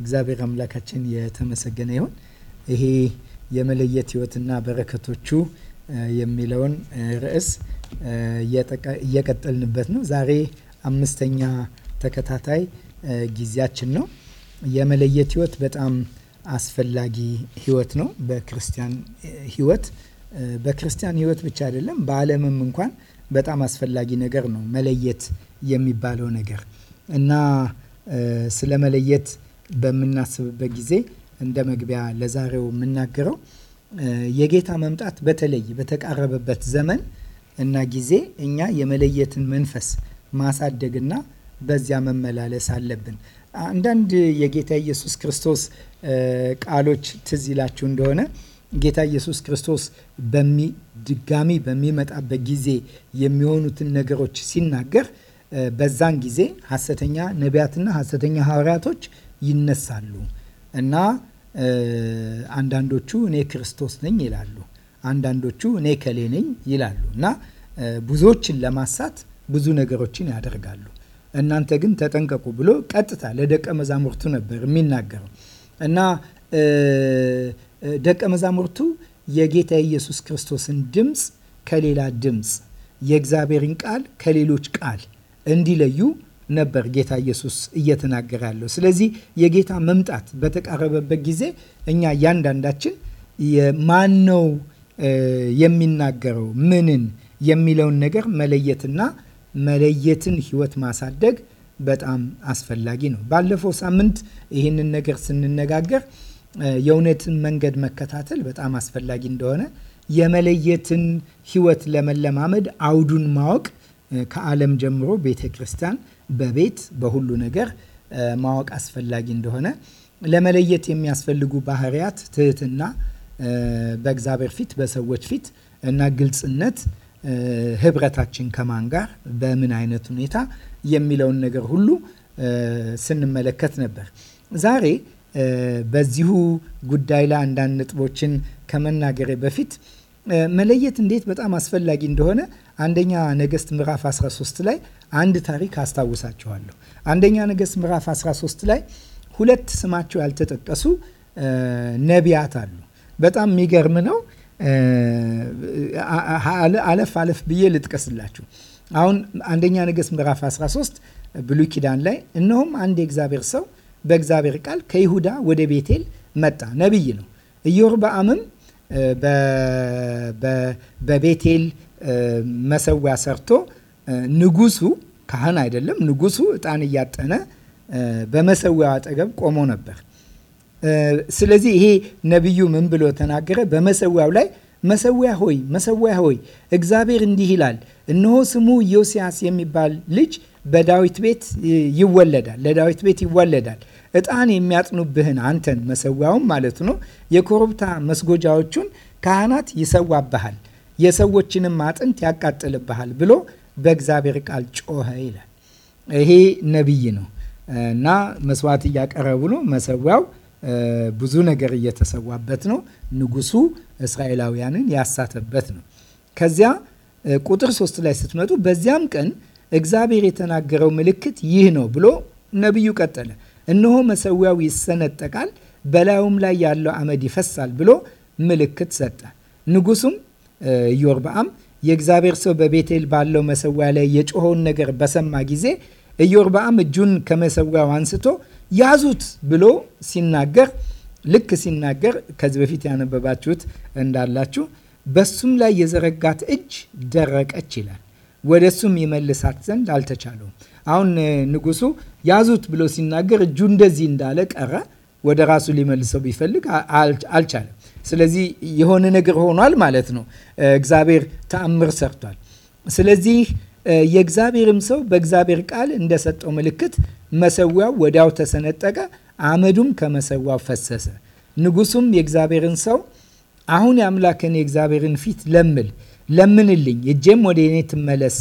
እግዚአብሔር አምላካችን የተመሰገነ ይሁን። ይሄ የመለየት ህይወትና በረከቶቹ የሚለውን ርዕስ እየቀጠልንበት ነው። ዛሬ አምስተኛ ተከታታይ ጊዜያችን ነው። የመለየት ህይወት በጣም አስፈላጊ ህይወት ነው። በክርስቲያን ህይወት በክርስቲያን ህይወት ብቻ አይደለም፣ በዓለምም እንኳን በጣም አስፈላጊ ነገር ነው መለየት የሚባለው ነገር እና ስለ መለየት በምናስብበት ጊዜ እንደ መግቢያ ለዛሬው የምናገረው የጌታ መምጣት በተለይ በተቃረበበት ዘመን እና ጊዜ እኛ የመለየትን መንፈስ ማሳደግና በዚያ መመላለስ አለብን። አንዳንድ የጌታ ኢየሱስ ክርስቶስ ቃሎች ትዝ ይላችሁ እንደሆነ ጌታ ኢየሱስ ክርስቶስ በድጋሚ በሚመጣበት ጊዜ የሚሆኑትን ነገሮች ሲናገር በዛን ጊዜ ሐሰተኛ ነቢያትና ሐሰተኛ ሐዋርያቶች ይነሳሉ እና አንዳንዶቹ እኔ ክርስቶስ ነኝ ይላሉ። አንዳንዶቹ እኔ ከሌ ነኝ ይላሉ እና ብዙዎችን ለማሳት ብዙ ነገሮችን ያደርጋሉ። እናንተ ግን ተጠንቀቁ ብሎ ቀጥታ ለደቀ መዛሙርቱ ነበር የሚናገረው እና ደቀ መዛሙርቱ የጌታ ኢየሱስ ክርስቶስን ድምፅ ከሌላ ድምፅ፣ የእግዚአብሔርን ቃል ከሌሎች ቃል እንዲለዩ ነበር ጌታ ኢየሱስ እየተናገረ ያለው። ስለዚህ የጌታ መምጣት በተቃረበበት ጊዜ እኛ እያንዳንዳችን ማን ነው የሚናገረው ምንን የሚለውን ነገር መለየትና መለየትን ህይወት ማሳደግ በጣም አስፈላጊ ነው። ባለፈው ሳምንት ይህንን ነገር ስንነጋገር የእውነትን መንገድ መከታተል በጣም አስፈላጊ እንደሆነ የመለየትን ህይወት ለመለማመድ አውዱን ማወቅ ከዓለም ጀምሮ ቤተ ክርስቲያን በቤት በሁሉ ነገር ማወቅ አስፈላጊ እንደሆነ ለመለየት የሚያስፈልጉ ባህሪያት ትህትና፣ በእግዚአብሔር ፊት በሰዎች ፊት እና ግልጽነት፣ ህብረታችን ከማን ጋር በምን አይነት ሁኔታ የሚለውን ነገር ሁሉ ስንመለከት ነበር። ዛሬ በዚሁ ጉዳይ ላይ አንዳንድ ነጥቦችን ከመናገሬ በፊት መለየት እንዴት በጣም አስፈላጊ እንደሆነ አንደኛ ነገስት ምዕራፍ 13 ላይ አንድ ታሪክ አስታውሳችኋለሁ። አንደኛ ነገስት ምዕራፍ 13 ላይ ሁለት ስማቸው ያልተጠቀሱ ነቢያት አሉ። በጣም የሚገርም ነው። አለፍ አለፍ ብዬ ልጥቀስላችሁ። አሁን አንደኛ ነገስት ምዕራፍ 13 ብሉይ ኪዳን ላይ እነሆም አንድ የእግዚአብሔር ሰው በእግዚአብሔር ቃል ከይሁዳ ወደ ቤቴል መጣ። ነቢይ ነው። ኢዮርብዓምም በቤቴል መሰዊያ ሰርቶ ንጉሱ ካህን አይደለም፣ ንጉሱ እጣን እያጠነ በመሰዊያው አጠገብ ቆሞ ነበር። ስለዚህ ይሄ ነቢዩ ምን ብሎ ተናገረ? በመሰዊያው ላይ መሰዊያ ሆይ መሰዊያ ሆይ እግዚአብሔር እንዲህ ይላል፣ እነሆ ስሙ ዮስያስ የሚባል ልጅ በዳዊት ቤት ይወለዳል። ለዳዊት ቤት ይወለዳል። እጣን የሚያጥኑብህን አንተን መሰዊያውም ማለት ነው። የኮረብታ መስጎጃዎቹን ካህናት ይሰዋብሃል፣ የሰዎችንም አጥንት ያቃጥልብሃል ብሎ በእግዚአብሔር ቃል ጮኸ ይላል። ይሄ ነቢይ ነው እና መስዋዕት እያቀረቡ ነው። መሰዊያው ብዙ ነገር እየተሰዋበት ነው። ንጉሱ እስራኤላውያንን ያሳተበት ነው። ከዚያ ቁጥር ሶስት ላይ ስትመጡ በዚያም ቀን እግዚአብሔር የተናገረው ምልክት ይህ ነው ብሎ ነቢዩ ቀጠለ። እነሆ መሰዊያው ይሰነጠቃል፣ በላዩም ላይ ያለው አመድ ይፈሳል ብሎ ምልክት ሰጠ። ንጉሱም ኢዮርብዓም የእግዚአብሔር ሰው በቤቴል ባለው መሰዊያ ላይ የጮኸውን ነገር በሰማ ጊዜ ኢዮርብዓም እጁን ከመሰዊያው አንስቶ ያዙት ብሎ ሲናገር ልክ ሲናገር ከዚህ በፊት ያነበባችሁት እንዳላችሁ በሱም ላይ የዘረጋት እጅ ደረቀች ይላል። ወደ እሱም ይመልሳት ዘንድ አልተቻለውም። አሁን ንጉሱ ያዙት ብሎ ሲናገር እጁ እንደዚህ እንዳለ ቀረ። ወደ ራሱ ሊመልሰው ቢፈልግ አልቻለም። ስለዚህ የሆነ ነገር ሆኗል ማለት ነው። እግዚአብሔር ተአምር ሰርቷል። ስለዚህ የእግዚአብሔርም ሰው በእግዚአብሔር ቃል እንደሰጠው ምልክት መሰዊያው ወዲያው ተሰነጠቀ፣ አመዱም ከመሰዊያው ፈሰሰ። ንጉሱም የእግዚአብሔርን ሰው አሁን የአምላክን የእግዚአብሔርን ፊት ለምል ለምንልኝ፣ እጄም ወደ እኔ ትመለስ፣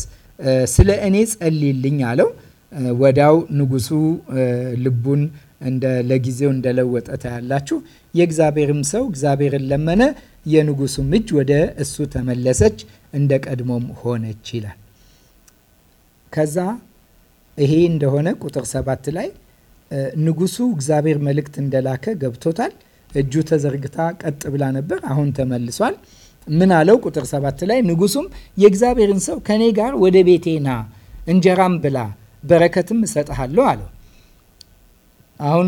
ስለ እኔ ጸልይልኝ አለው። ወዳው ንጉሱ ልቡን እንደ ለጊዜው እንደለወጠ ታያላችሁ። የእግዚአብሔርም ሰው እግዚአብሔርን ለመነ፣ የንጉሱም እጅ ወደ እሱ ተመለሰች፣ እንደ ቀድሞም ሆነች ይላል። ከዛ ይሄ እንደሆነ ቁጥር ሰባት ላይ ንጉሱ እግዚአብሔር መልእክት እንደላከ ገብቶታል። እጁ ተዘርግታ ቀጥ ብላ ነበር፣ አሁን ተመልሷል። ምን አለው? ቁጥር ሰባት ላይ ንጉሱም የእግዚአብሔርን ሰው ከእኔ ጋር ወደ ቤቴ ና፣ እንጀራም ብላ፣ በረከትም እሰጥሃለሁ አለው። አሁን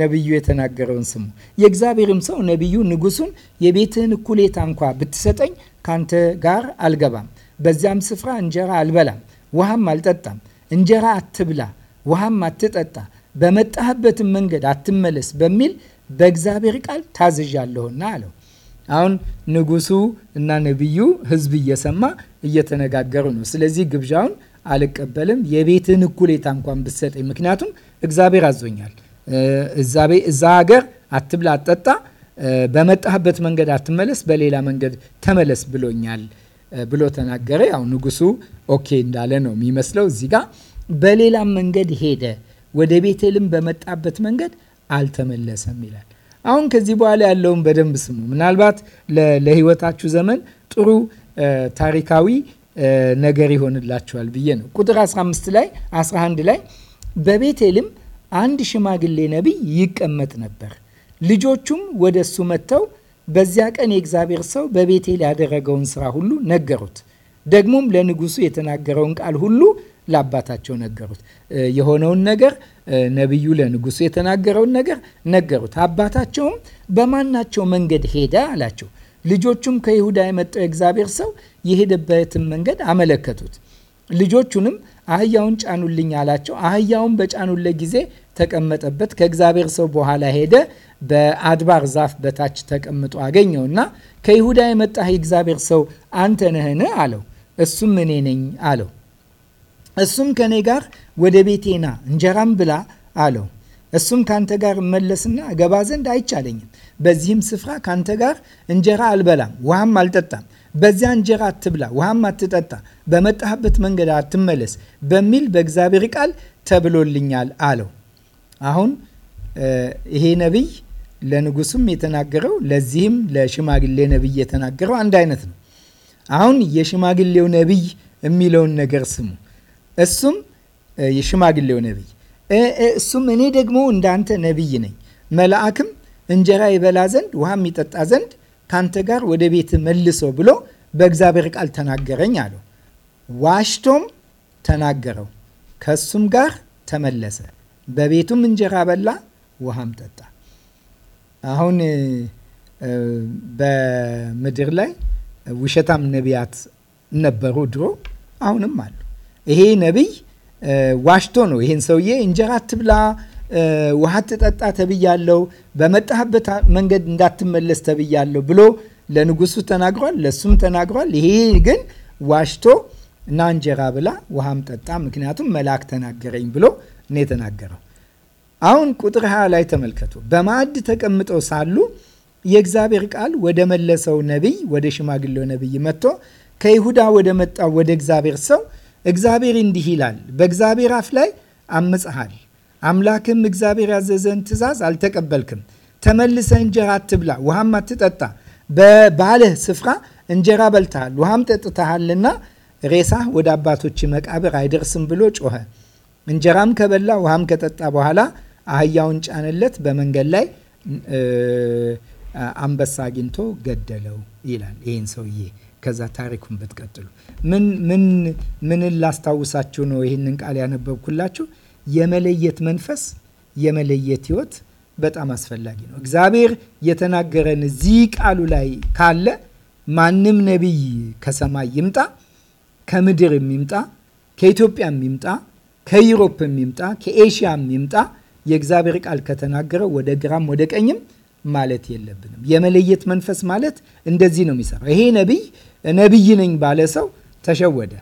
ነቢዩ የተናገረውን ስሙ። የእግዚአብሔርም ሰው ነቢዩ ንጉሱን የቤትህን እኩሌታ እንኳ ብትሰጠኝ ካንተ ጋር አልገባም፣ በዚያም ስፍራ እንጀራ አልበላም፣ ውሃም አልጠጣም። እንጀራ አትብላ፣ ውሃም አትጠጣ፣ በመጣህበትም መንገድ አትመለስ በሚል በእግዚአብሔር ቃል ታዝዣለሁና አለው። አሁን ንጉሱ እና ነቢዩ ህዝብ እየሰማ እየተነጋገሩ ነው። ስለዚህ ግብዣውን አልቀበልም፣ የቤትን እኩሌታ እንኳን ብትሰጠኝ፣ ምክንያቱም እግዚአብሔር አዞኛል። እዛ ሀገር አትብላ፣ አትጠጣ፣ በመጣህበት መንገድ አትመለስ፣ በሌላ መንገድ ተመለስ ብሎኛል ብሎ ተናገረ። ያው ንጉሱ ኦኬ እንዳለ ነው የሚመስለው። እዚህ ጋ በሌላም መንገድ ሄደ፣ ወደ ቤቴልም በመጣበት መንገድ አልተመለሰም ይላል። አሁን ከዚህ በኋላ ያለውን በደንብ ስሙ። ምናልባት ለህይወታችሁ ዘመን ጥሩ ታሪካዊ ነገር ይሆንላችኋል ብዬ ነው። ቁጥር 15 ላይ 11 ላይ በቤቴልም አንድ ሽማግሌ ነቢይ ይቀመጥ ነበር። ልጆቹም ወደ እሱ መጥተው በዚያ ቀን የእግዚአብሔር ሰው በቤቴል ያደረገውን ስራ ሁሉ ነገሩት። ደግሞም ለንጉሱ የተናገረውን ቃል ሁሉ ለአባታቸው ነገሩት። የሆነውን ነገር ነቢዩ ለንጉሱ የተናገረውን ነገር ነገሩት። አባታቸውም በማናቸው መንገድ ሄደ አላቸው። ልጆቹም ከይሁዳ የመጣው የእግዚአብሔር ሰው የሄደበትን መንገድ አመለከቱት። ልጆቹንም አህያውን ጫኑልኝ አላቸው። አህያውን በጫኑለት ጊዜ ተቀመጠበት። ከእግዚአብሔር ሰው በኋላ ሄደ። በአድባር ዛፍ በታች ተቀምጦ አገኘውና ከይሁዳ የመጣህ የእግዚአብሔር ሰው አንተ ነህን? አለው። እሱም እኔ ነኝ አለው። እሱም ከእኔ ጋር ወደ ቤቴና እንጀራም ብላ አለው። እሱም ካንተ ጋር እመለስና እገባ ዘንድ አይቻለኝም፣ በዚህም ስፍራ ካንተ ጋር እንጀራ አልበላም፣ ውሃም አልጠጣም፣ በዚያ እንጀራ አትብላ፣ ውሃም አትጠጣ፣ በመጣህበት መንገድ አትመለስ በሚል በእግዚአብሔር ቃል ተብሎልኛል አለው። አሁን ይሄ ነቢይ ለንጉሱም የተናገረው ለዚህም ለሽማግሌ ነቢይ የተናገረው አንድ አይነት ነው። አሁን የሽማግሌው ነቢይ የሚለውን ነገር ስሙ። እሱም የሽማግሌው ነቢይ እሱም እኔ ደግሞ እንዳንተ ነቢይ ነኝ፣ መልአክም እንጀራ ይበላ ዘንድ ውሃም ይጠጣ ዘንድ ካንተ ጋር ወደ ቤት መልሶ ብሎ በእግዚአብሔር ቃል ተናገረኝ አለው። ዋሽቶም ተናገረው፣ ከእሱም ጋር ተመለሰ። በቤቱም እንጀራ በላ፣ ውሃም ጠጣ። አሁን በምድር ላይ ውሸታም ነቢያት ነበሩ ድሮ፣ አሁንም አሉ። ይሄ ነቢይ ዋሽቶ ነው ይህን ሰውዬ እንጀራ ትብላ ውሃ ትጠጣ ተብያለው፣ በመጣህበት መንገድ እንዳትመለስ ተብያለሁ ብሎ ለንጉሱ ተናግሯል፣ ለሱም ተናግሯል። ይሄ ግን ዋሽቶ እና እንጀራ ብላ ውሃም ጠጣ፣ ምክንያቱም መልአክ ተናገረኝ ብሎ ነው የተናገረው። አሁን ቁጥር ሀያ ላይ ተመልከቱ። በማዕድ ተቀምጠው ሳሉ የእግዚአብሔር ቃል ወደ መለሰው ነቢይ ወደ ሽማግሌው ነቢይ መጥቶ ከይሁዳ ወደ መጣው ወደ እግዚአብሔር ሰው እግዚአብሔር እንዲህ ይላል፣ በእግዚአብሔር አፍ ላይ አምጽሃል፣ አምላክም እግዚአብሔር ያዘዘን ትእዛዝ አልተቀበልክም። ተመልሰ እንጀራ አትብላ፣ ውሃም አትጠጣ። በባለህ ስፍራ እንጀራ በልተሃል፣ ውሃም ጠጥተሃልና ሬሳህ ወደ አባቶች መቃብር አይደርስም ብሎ ጮኸ። እንጀራም ከበላ ውሃም ከጠጣ በኋላ አህያውን ጫነለት፣ በመንገድ ላይ አንበሳ አግኝቶ ገደለው ይላል ይህን ሰውዬ ከዛ ታሪኩን ብትቀጥሉ ምን ምን ምን ላስታውሳችሁ ነው ይህንን ቃል ያነበብኩላችሁ? የመለየት መንፈስ የመለየት ህይወት በጣም አስፈላጊ ነው። እግዚአብሔር የተናገረን እዚህ ቃሉ ላይ ካለ ማንም ነቢይ ከሰማይ ይምጣ፣ ከምድር ይምጣ ከኢትዮጵያ ይምጣ ከዩሮፕ ይምጣ ከኤሽያ ይምጣ የእግዚአብሔር ቃል ከተናገረ ወደ ግራም ወደ ቀኝም ማለት የለብንም። የመለየት መንፈስ ማለት እንደዚህ ነው የሚሰራው። ይሄ ነቢይ ነቢይ ነኝ ባለ ሰው ተሸወደ።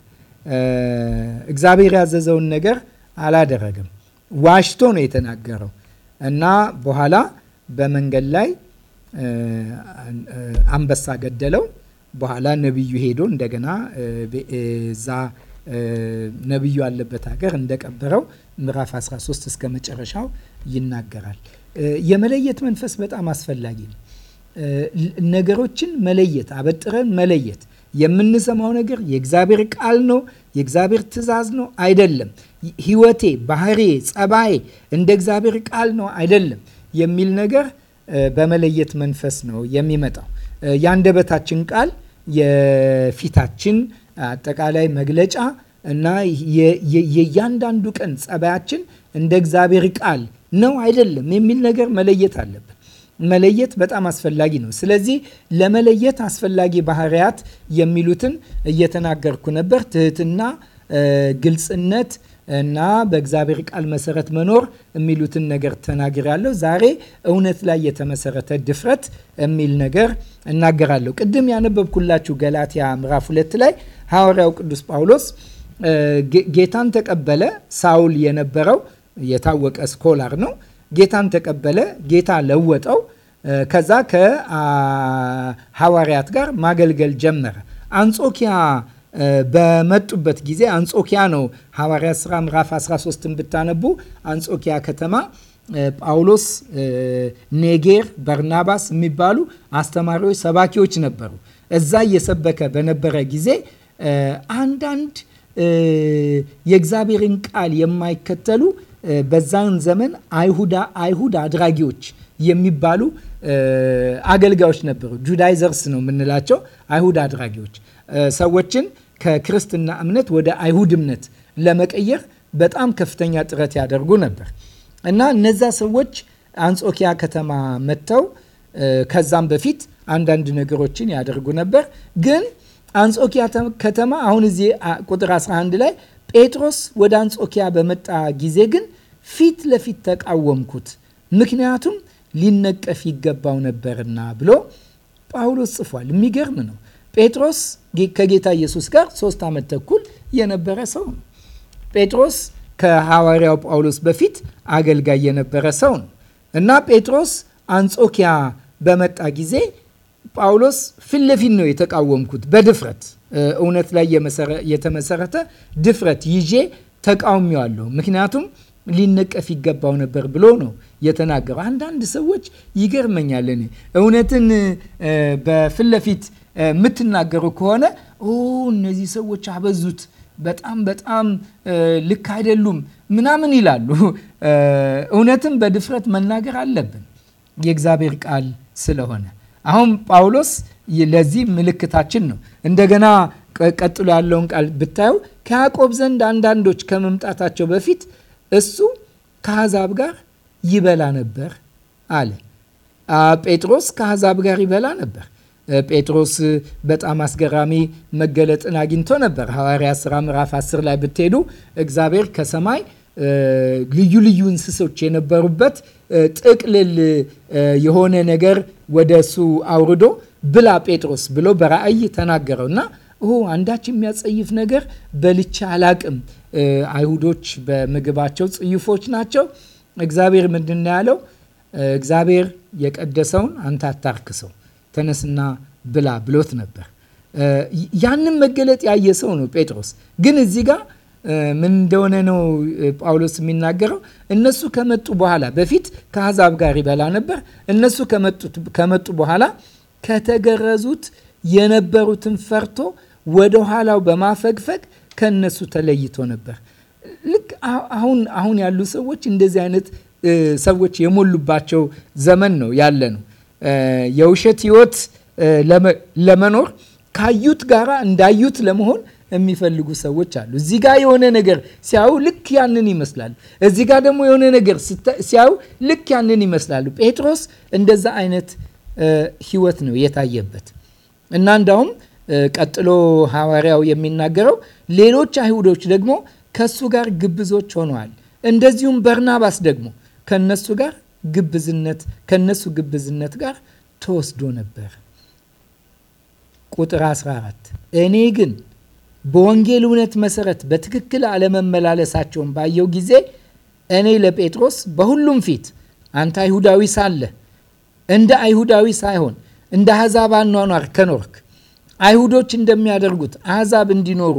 እግዚአብሔር ያዘዘውን ነገር አላደረገም። ዋሽቶ ነው የተናገረው እና በኋላ በመንገድ ላይ አንበሳ ገደለው። በኋላ ነቢዩ ሄዶ እንደገና እዛ ነቢዩ ያለበት ሀገር እንደቀበረው ምዕራፍ 13 እስከ መጨረሻው ይናገራል። የመለየት መንፈስ በጣም አስፈላጊ ነው። ነገሮችን መለየት አበጥረን መለየት የምንሰማው ነገር የእግዚአብሔር ቃል ነው፣ የእግዚአብሔር ትእዛዝ ነው አይደለም፣ ህይወቴ፣ ባህሬ፣ ጸባዬ እንደ እግዚአብሔር ቃል ነው አይደለም የሚል ነገር በመለየት መንፈስ ነው የሚመጣው። የአንደበታችን ቃል የፊታችን አጠቃላይ መግለጫ እና የእያንዳንዱ ቀን ጸባያችን እንደ እግዚአብሔር ቃል ነው አይደለም የሚል ነገር መለየት አለብን። መለየት በጣም አስፈላጊ ነው። ስለዚህ ለመለየት አስፈላጊ ባህሪያት የሚሉትን እየተናገርኩ ነበር። ትህትና፣ ግልጽነት እና በእግዚአብሔር ቃል መሰረት መኖር የሚሉትን ነገር ተናግራለሁ። ዛሬ እውነት ላይ የተመሰረተ ድፍረት የሚል ነገር እናገራለሁ። ቅድም ያነበብኩላችሁ ገላትያ ምዕራፍ ሁለት ላይ ሐዋርያው ቅዱስ ጳውሎስ ጌታን ተቀበለ። ሳውል የነበረው የታወቀ ስኮላር ነው ጌታን ተቀበለ፣ ጌታ ለወጠው። ከዛ ከሐዋርያት ጋር ማገልገል ጀመረ። አንጾኪያ በመጡበት ጊዜ አንጾኪያ ነው። ሐዋርያት ሥራ ምዕራፍ 13ን ብታነቡ አንጾኪያ ከተማ ጳውሎስ፣ ኔጌር፣ በርናባስ የሚባሉ አስተማሪዎች፣ ሰባኪዎች ነበሩ። እዛ እየሰበከ በነበረ ጊዜ አንዳንድ የእግዚአብሔርን ቃል የማይከተሉ በዛን ዘመን አይሁድ አድራጊዎች የሚባሉ አገልጋዮች ነበሩ። ጁዳይዘርስ ነው የምንላቸው አይሁድ አድራጊዎች ሰዎችን ከክርስትና እምነት ወደ አይሁድ እምነት ለመቀየር በጣም ከፍተኛ ጥረት ያደርጉ ነበር እና እነዛ ሰዎች አንጾኪያ ከተማ መጥተው ከዛም በፊት አንዳንድ ነገሮችን ያደርጉ ነበር። ግን አንጾኪያ ከተማ አሁን እዚህ ቁጥር 11 ላይ ጴጥሮስ ወደ አንጾኪያ በመጣ ጊዜ ግን ፊት ለፊት ተቃወምኩት፣ ምክንያቱም ሊነቀፍ ይገባው ነበርና ብሎ ጳውሎስ ጽፏል። የሚገርም ነው። ጴጥሮስ ከጌታ ኢየሱስ ጋር ሶስት ዓመት ተኩል የነበረ ሰው ነው። ጴጥሮስ ከሐዋርያው ጳውሎስ በፊት አገልጋይ የነበረ ሰው ነው እና ጴጥሮስ አንጾኪያ በመጣ ጊዜ ጳውሎስ ፊት ለፊት ነው የተቃወምኩት። በድፍረት እውነት ላይ የተመሰረተ ድፍረት ይዤ ተቃውሚዋለሁ። ምክንያቱም ሊነቀፍ ይገባው ነበር ብሎ ነው የተናገረው። አንዳንድ ሰዎች ይገርመኛል። እኔ እውነትን በፊት ለፊት የምትናገሩ ከሆነ እነዚህ ሰዎች አበዙት፣ በጣም በጣም ልክ አይደሉም ምናምን ይላሉ። እውነትን በድፍረት መናገር አለብን የእግዚአብሔር ቃል ስለሆነ። አሁን ጳውሎስ ለዚህ ምልክታችን ነው። እንደገና ቀጥሎ ያለውን ቃል ብታየው ከያዕቆብ ዘንድ አንዳንዶች ከመምጣታቸው በፊት እሱ ከአሕዛብ ጋር ይበላ ነበር አለ። ጴጥሮስ ከአሕዛብ ጋር ይበላ ነበር። ጴጥሮስ በጣም አስገራሚ መገለጥን አግኝቶ ነበር። ሐዋርያት ሥራ ምዕራፍ 10 ላይ ብትሄዱ እግዚአብሔር ከሰማይ ልዩ ልዩ እንስሶች የነበሩበት ጥቅልል የሆነ ነገር ወደ እሱ አውርዶ ብላ ጴጥሮስ ብሎ በራእይ ተናገረው እና አንዳች የሚያጸይፍ ነገር በልቻ አላቅም አይሁዶች በምግባቸው ጽዩፎች ናቸው። እግዚአብሔር ምንድን ያለው? እግዚአብሔር የቀደሰውን አንተ አታርክሰው፣ ተነስና ብላ ብሎት ነበር። ያንን መገለጥ ያየ ሰው ነው ጴጥሮስ። ግን እዚህ ጋር ምን እንደሆነ ነው ጳውሎስ የሚናገረው። እነሱ ከመጡ በኋላ በፊት ከአሕዛብ ጋር ይበላ ነበር። እነሱ ከመጡ በኋላ ከተገረዙት የነበሩትን ፈርቶ ወደ ኋላው በማፈግፈግ ከእነሱ ተለይቶ ነበር። ልክ አሁን አሁን ያሉ ሰዎች እንደዚህ አይነት ሰዎች የሞሉባቸው ዘመን ነው ያለ ነው። የውሸት ህይወት ለመኖር ካዩት ጋራ እንዳዩት ለመሆን የሚፈልጉ ሰዎች አሉ። እዚህ ጋር የሆነ ነገር ሲያዩ ልክ ያንን ይመስላሉ። እዚህ ጋር ደግሞ የሆነ ነገር ሲያዩ ልክ ያንን ይመስላሉ። ጴጥሮስ እንደዛ አይነት ህይወት ነው የታየበት እና እንዳውም ቀጥሎ ሐዋርያው የሚናገረው ሌሎች አይሁዶች ደግሞ ከእሱ ጋር ግብዞች ሆነዋል። እንደዚሁም በርናባስ ደግሞ ከነሱ ጋር ግብዝነት ከነሱ ግብዝነት ጋር ተወስዶ ነበር። ቁጥር 14 እኔ ግን በወንጌል እውነት መሰረት በትክክል አለመመላለሳቸውን ባየው ጊዜ እኔ ለጴጥሮስ በሁሉም ፊት አንተ አይሁዳዊ ሳለህ እንደ አይሁዳዊ ሳይሆን እንደ አሕዛብ አኗኗር ከኖርክ አይሁዶች እንደሚያደርጉት አሕዛብ እንዲኖሩ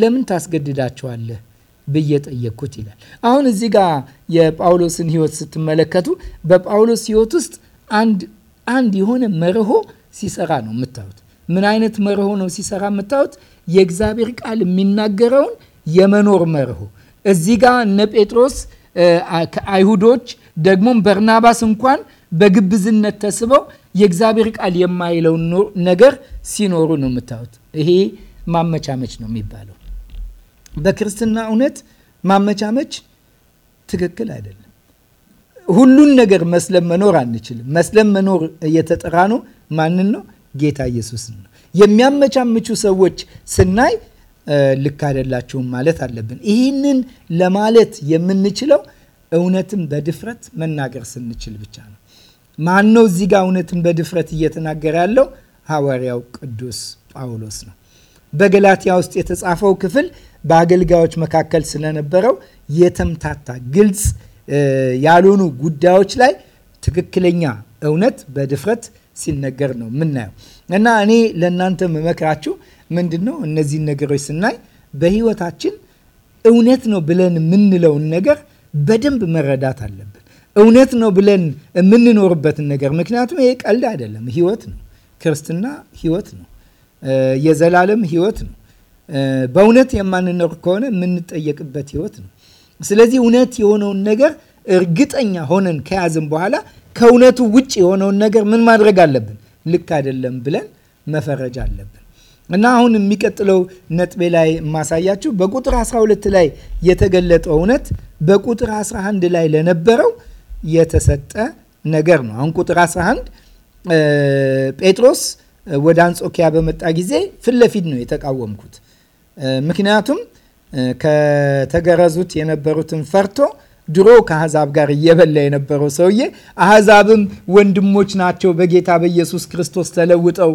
ለምን ታስገድዳቸዋለህ ብዬ ጠየቅኩት ይላል። አሁን እዚህ ጋር የጳውሎስን ህይወት ስትመለከቱ በጳውሎስ ህይወት ውስጥ አንድ አንድ የሆነ መርሆ ሲሰራ ነው የምታዩት። ምን አይነት መርሆ ነው ሲሰራ የምታዩት? የእግዚአብሔር ቃል የሚናገረውን የመኖር መርሆ እዚህ ጋ እነ ጴጥሮስ አይሁዶች ደግሞም በርናባስ እንኳን በግብዝነት ተስበው የእግዚአብሔር ቃል የማይለው ነገር ሲኖሩ ነው የምታዩት። ይሄ ማመቻመች ነው የሚባለው። በክርስትና እውነት ማመቻመች ትክክል አይደለም። ሁሉን ነገር መስለም መኖር አንችልም። መስለም መኖር እየተጠራ ነው ማንን ነው? ጌታ ኢየሱስን ነው። የሚያመቻምቹ ሰዎች ስናይ ልክ አይደላችሁም ማለት አለብን። ይህንን ለማለት የምንችለው እውነትን በድፍረት መናገር ስንችል ብቻ ነው። ማን ነው እዚህ ጋር እውነትን በድፍረት እየተናገረ ያለው? ሐዋርያው ቅዱስ ጳውሎስ ነው። በገላትያ ውስጥ የተጻፈው ክፍል በአገልጋዮች መካከል ስለነበረው የተምታታ ግልጽ ያልሆኑ ጉዳዮች ላይ ትክክለኛ እውነት በድፍረት ሲነገር ነው የምናየው እና እኔ ለእናንተ መመክራችሁ ምንድን ነው እነዚህን ነገሮች ስናይ በህይወታችን እውነት ነው ብለን የምንለውን ነገር በደንብ መረዳት አለብን። እውነት ነው ብለን የምንኖርበትን ነገር ምክንያቱም ይሄ ቀልድ አይደለም፣ ህይወት ነው። ክርስትና ህይወት ነው። የዘላለም ህይወት ነው። በእውነት የማንኖር ከሆነ የምንጠየቅበት ህይወት ነው። ስለዚህ እውነት የሆነውን ነገር እርግጠኛ ሆነን ከያዝን በኋላ ከእውነቱ ውጭ የሆነውን ነገር ምን ማድረግ አለብን? ልክ አይደለም ብለን መፈረጅ አለብን። እና አሁን የሚቀጥለው ነጥቤ ላይ የማሳያችሁ በቁጥር 12 ላይ የተገለጠው እውነት በቁጥር 11 ላይ ለነበረው የተሰጠ ነገር ነው። አሁን ቁጥር 11 ጴጥሮስ ወደ አንጾኪያ በመጣ ጊዜ ፊት ለፊት ነው የተቃወምኩት። ምክንያቱም ከተገረዙት የነበሩትን ፈርቶ ድሮ ከአሕዛብ ጋር እየበላ የነበረው ሰውዬ አሕዛብም ወንድሞች ናቸው በጌታ በኢየሱስ ክርስቶስ ተለውጠው፣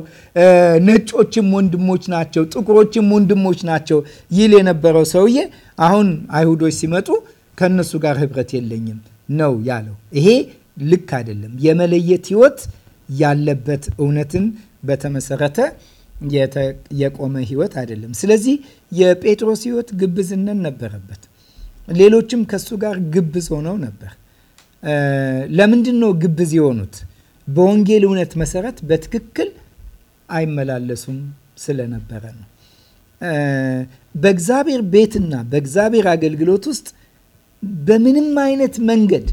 ነጮችም ወንድሞች ናቸው፣ ጥቁሮችም ወንድሞች ናቸው ይል የነበረው ሰውዬ አሁን አይሁዶች ሲመጡ ከእነሱ ጋር ህብረት የለኝም ነው ያለው። ይሄ ልክ አይደለም። የመለየት ህይወት ያለበት እውነትን በተመሰረተ የቆመ ህይወት አይደለም። ስለዚህ የጴጥሮስ ህይወት ግብዝነት ነበረበት። ሌሎችም ከሱ ጋር ግብዝ ሆነው ነበር። ለምንድን ነው ግብዝ የሆኑት? በወንጌል እውነት መሰረት በትክክል አይመላለሱም ስለነበረ ነው። በእግዚአብሔር ቤትና በእግዚአብሔር አገልግሎት ውስጥ በምንም አይነት መንገድ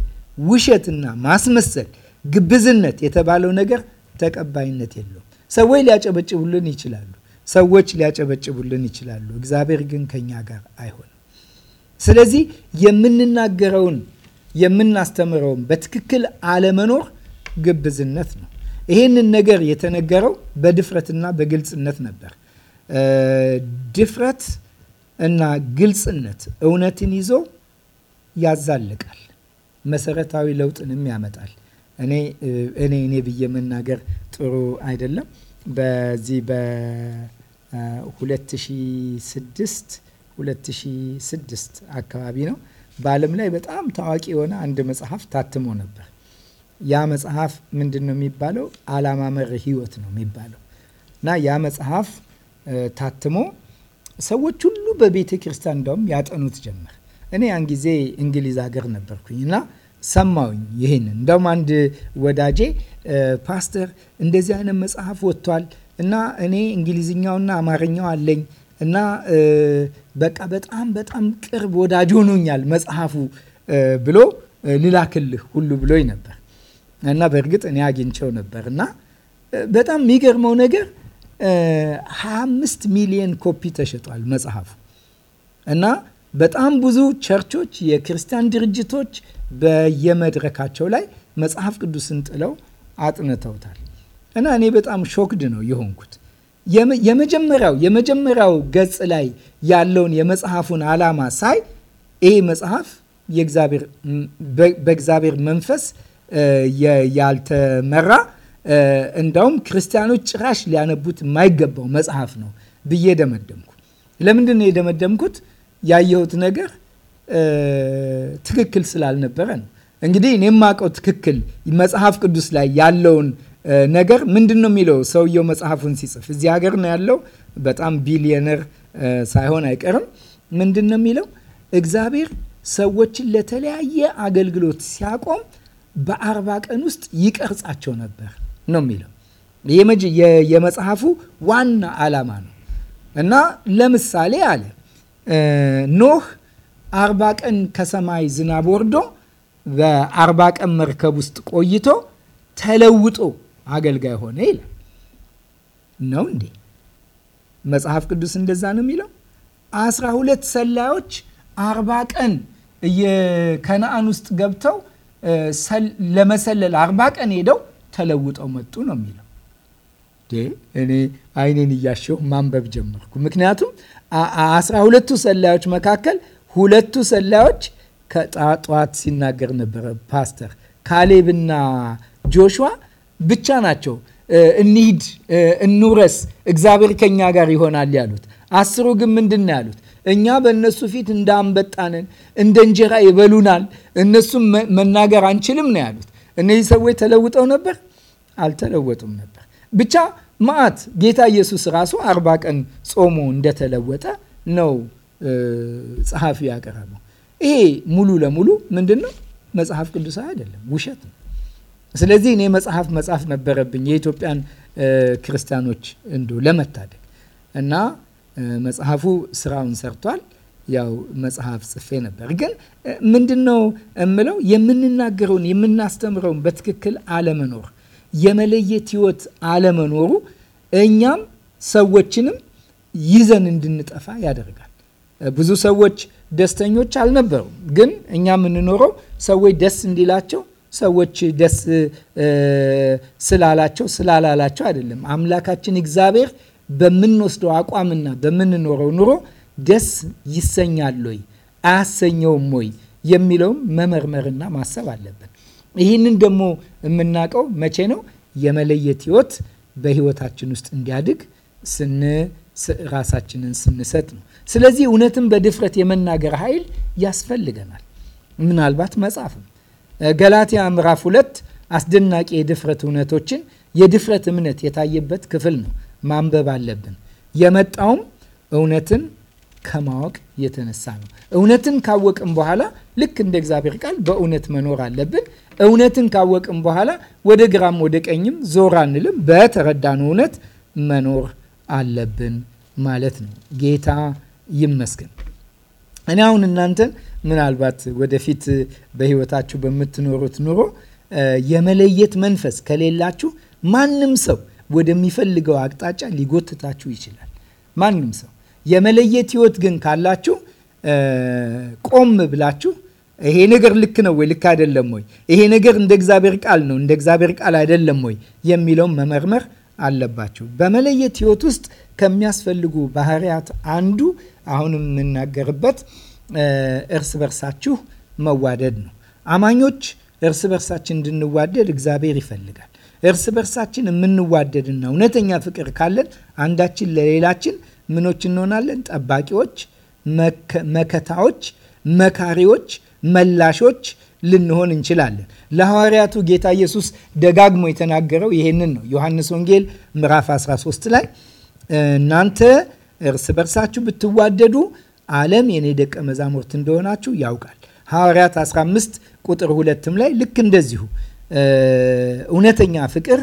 ውሸትና ማስመሰል፣ ግብዝነት የተባለው ነገር ተቀባይነት የለውም። ሰዎች ሊያጨበጭቡልን ይችላሉ። ሰዎች ሊያጨበጭቡልን ይችላሉ። እግዚአብሔር ግን ከኛ ጋር አይሆንም። ስለዚህ የምንናገረውን የምናስተምረውን በትክክል አለመኖር ግብዝነት ነው። ይህንን ነገር የተነገረው በድፍረትና በግልጽነት ነበር። ድፍረት እና ግልጽነት እውነትን ይዞ ያዛልቃል፣ መሰረታዊ ለውጥንም ያመጣል። እኔ እኔ እኔ ብዬ መናገር ጥሩ አይደለም። በዚህ በ2006 2006 አካባቢ ነው በዓለም ላይ በጣም ታዋቂ የሆነ አንድ መጽሐፍ ታትሞ ነበር። ያ መጽሐፍ ምንድን ነው የሚባለው? ዓላማ መር ህይወት ነው የሚባለው እና ያ መጽሐፍ ታትሞ ሰዎች ሁሉ በቤተ ክርስቲያን እንዳውም ያጠኑት ጀመር እኔ ያን ጊዜ እንግሊዝ ሀገር ነበርኩኝ እና ሰማውኝ ይህን እንደውም አንድ ወዳጄ ፓስተር፣ እንደዚህ አይነት መጽሐፍ ወጥቷል እና እኔ እንግሊዝኛውና አማርኛው አለኝ እና በቃ በጣም በጣም ቅርብ ወዳጅ ሆኖኛል መጽሐፉ ብሎ ልላክልህ ሁሉ ብሎኝ ነበር እና በእርግጥ እኔ አግኝቸው ነበር እና በጣም የሚገርመው ነገር 25 ሚሊዮን ኮፒ ተሸጧል መጽሐፉ እና በጣም ብዙ ቸርቾች፣ የክርስቲያን ድርጅቶች በየመድረካቸው ላይ መጽሐፍ ቅዱስን ጥለው አጥንተውታል እና እኔ በጣም ሾክድ ነው የሆንኩት። የመጀመሪያው የመጀመሪያው ገጽ ላይ ያለውን የመጽሐፉን ዓላማ ሳይ ይሄ መጽሐፍ በእግዚአብሔር መንፈስ ያልተመራ እንዳውም ክርስቲያኖች ጭራሽ ሊያነቡት የማይገባው መጽሐፍ ነው ብዬ ደመደምኩ። ለምንድን ነው የደመደምኩት? ያየሁት ነገር ትክክል ስላልነበረ ነው። እንግዲህ እኔ የማውቀው ትክክል መጽሐፍ ቅዱስ ላይ ያለውን ነገር ምንድን ነው የሚለው ሰውየው መጽሐፉን ሲጽፍ እዚህ ሀገር ነው ያለው። በጣም ቢሊዮነር ሳይሆን አይቀርም። ምንድን ነው የሚለው እግዚአብሔር ሰዎችን ለተለያየ አገልግሎት ሲያቆም በአርባ ቀን ውስጥ ይቀርጻቸው ነበር ነው የሚለው። የመጽሐፉ ዋና ዓላማ ነው እና ለምሳሌ አለ ኖህ አርባ ቀን ከሰማይ ዝናብ ወርዶ በአርባ ቀን መርከብ ውስጥ ቆይቶ ተለውጦ አገልጋይ ሆነ ይላል። ነው እንዴ? መጽሐፍ ቅዱስ እንደዛ ነው የሚለው። አስራ ሁለት ሰላዮች አርባ ቀን የከነአን ውስጥ ገብተው ለመሰለል አርባ ቀን ሄደው ተለውጠው መጡ ነው የሚለው። እኔ አይኔን እያሸሁ ማንበብ ጀመርኩ። ምክንያቱም አስራ ሁለቱ ሰላዮች መካከል ሁለቱ ሰላዮች ከጧጧት ሲናገር ነበረ ፓስተር ካሌብና ጆሹዋ ብቻ ናቸው እንሂድ እንውረስ፣ እግዚአብሔር ከኛ ጋር ይሆናል ያሉት። አስሩ ግን ምንድን ነው ያሉት? እኛ በእነሱ ፊት እንደ አንበጣንን እንደ እንጀራ ይበሉናል፣ እነሱም መናገር አንችልም ነው ያሉት። እነዚህ ሰዎች ተለውጠው ነበር? አልተለወጡም ነበር። ብቻ ማት ጌታ ኢየሱስ ራሱ አርባ ቀን ጾሞ እንደተለወጠ ነው ጸሐፊው ያቀረበው። ይሄ ሙሉ ለሙሉ ምንድን ነው መጽሐፍ ቅዱስ አይደለም፣ ውሸት ነው። ስለዚህ እኔ መጽሐፍ መጽሐፍ ነበረብኝ የኢትዮጵያን ክርስቲያኖች እንዶ ለመታደግ እና መጽሐፉ ስራውን ሰርቷል። ያው መጽሐፍ ጽፌ ነበር። ግን ምንድን ነው እምለው የምንናገረውን የምናስተምረውን በትክክል አለመኖር የመለየት ህይወት አለመኖሩ እኛም ሰዎችንም ይዘን እንድንጠፋ ያደርጋል። ብዙ ሰዎች ደስተኞች አልነበሩም። ግን እኛ የምንኖረው ሰዎች ደስ እንዲላቸው ሰዎች ደስ ስላላቸው ስላላላቸው አይደለም። አምላካችን እግዚአብሔር በምንወስደው አቋምና በምንኖረው ኑሮ ደስ ይሰኛል ወይ አያሰኘውም ወይ የሚለውም መመርመርና ማሰብ አለብን። ይህንን ደግሞ የምናውቀው መቼ ነው? የመለየት ህይወት በህይወታችን ውስጥ እንዲያድግ ስን ራሳችንን ስንሰጥ ነው። ስለዚህ እውነትን በድፍረት የመናገር ኃይል ያስፈልገናል። ምናልባት መጽሐፍም ገላትያ ምዕራፍ ሁለት አስደናቂ የድፍረት እውነቶችን የድፍረት እምነት የታየበት ክፍል ነው። ማንበብ አለብን። የመጣውም እውነትን ከማወቅ የተነሳ ነው። እውነትን ካወቅን በኋላ ልክ እንደ እግዚአብሔር ቃል በእውነት መኖር አለብን። እውነትን ካወቅን በኋላ ወደ ግራም ወደ ቀኝም ዞር አንልም። በተረዳን እውነት መኖር አለብን ማለት ነው። ጌታ ይመስገን። እኔ አሁን እናንተን ምናልባት ወደፊት በህይወታችሁ በምትኖሩት ኑሮ የመለየት መንፈስ ከሌላችሁ ማንም ሰው ወደሚፈልገው አቅጣጫ ሊጎትታችሁ ይችላል። ማንም ሰው የመለየት ህይወት ግን ካላችሁ ቆም ብላችሁ ይሄ ነገር ልክ ነው ወይ ልክ አይደለም ወይ፣ ይሄ ነገር እንደ እግዚአብሔር ቃል ነው እንደ እግዚአብሔር ቃል አይደለም ወይ የሚለውን መመርመር አለባችሁ። በመለየት ህይወት ውስጥ ከሚያስፈልጉ ባህሪያት አንዱ አሁን የምናገርበት እርስ በርሳችሁ መዋደድ ነው። አማኞች እርስ በርሳችን እንድንዋደድ እግዚአብሔር ይፈልጋል። እርስ በርሳችን የምንዋደድና እውነተኛ ፍቅር ካለን አንዳችን ለሌላችን ምኖች እንሆናለን? ጠባቂዎች፣ መከታዎች፣ መካሪዎች፣ መላሾች ልንሆን እንችላለን። ለሐዋርያቱ ጌታ ኢየሱስ ደጋግሞ የተናገረው ይሄንን ነው። ዮሐንስ ወንጌል ምዕራፍ 13 ላይ እናንተ እርስ በርሳችሁ ብትዋደዱ ዓለም የኔ ደቀ መዛሙርት እንደሆናችሁ ያውቃል። ሐዋርያት 15 ቁጥር ሁለትም ላይ ልክ እንደዚሁ እውነተኛ ፍቅር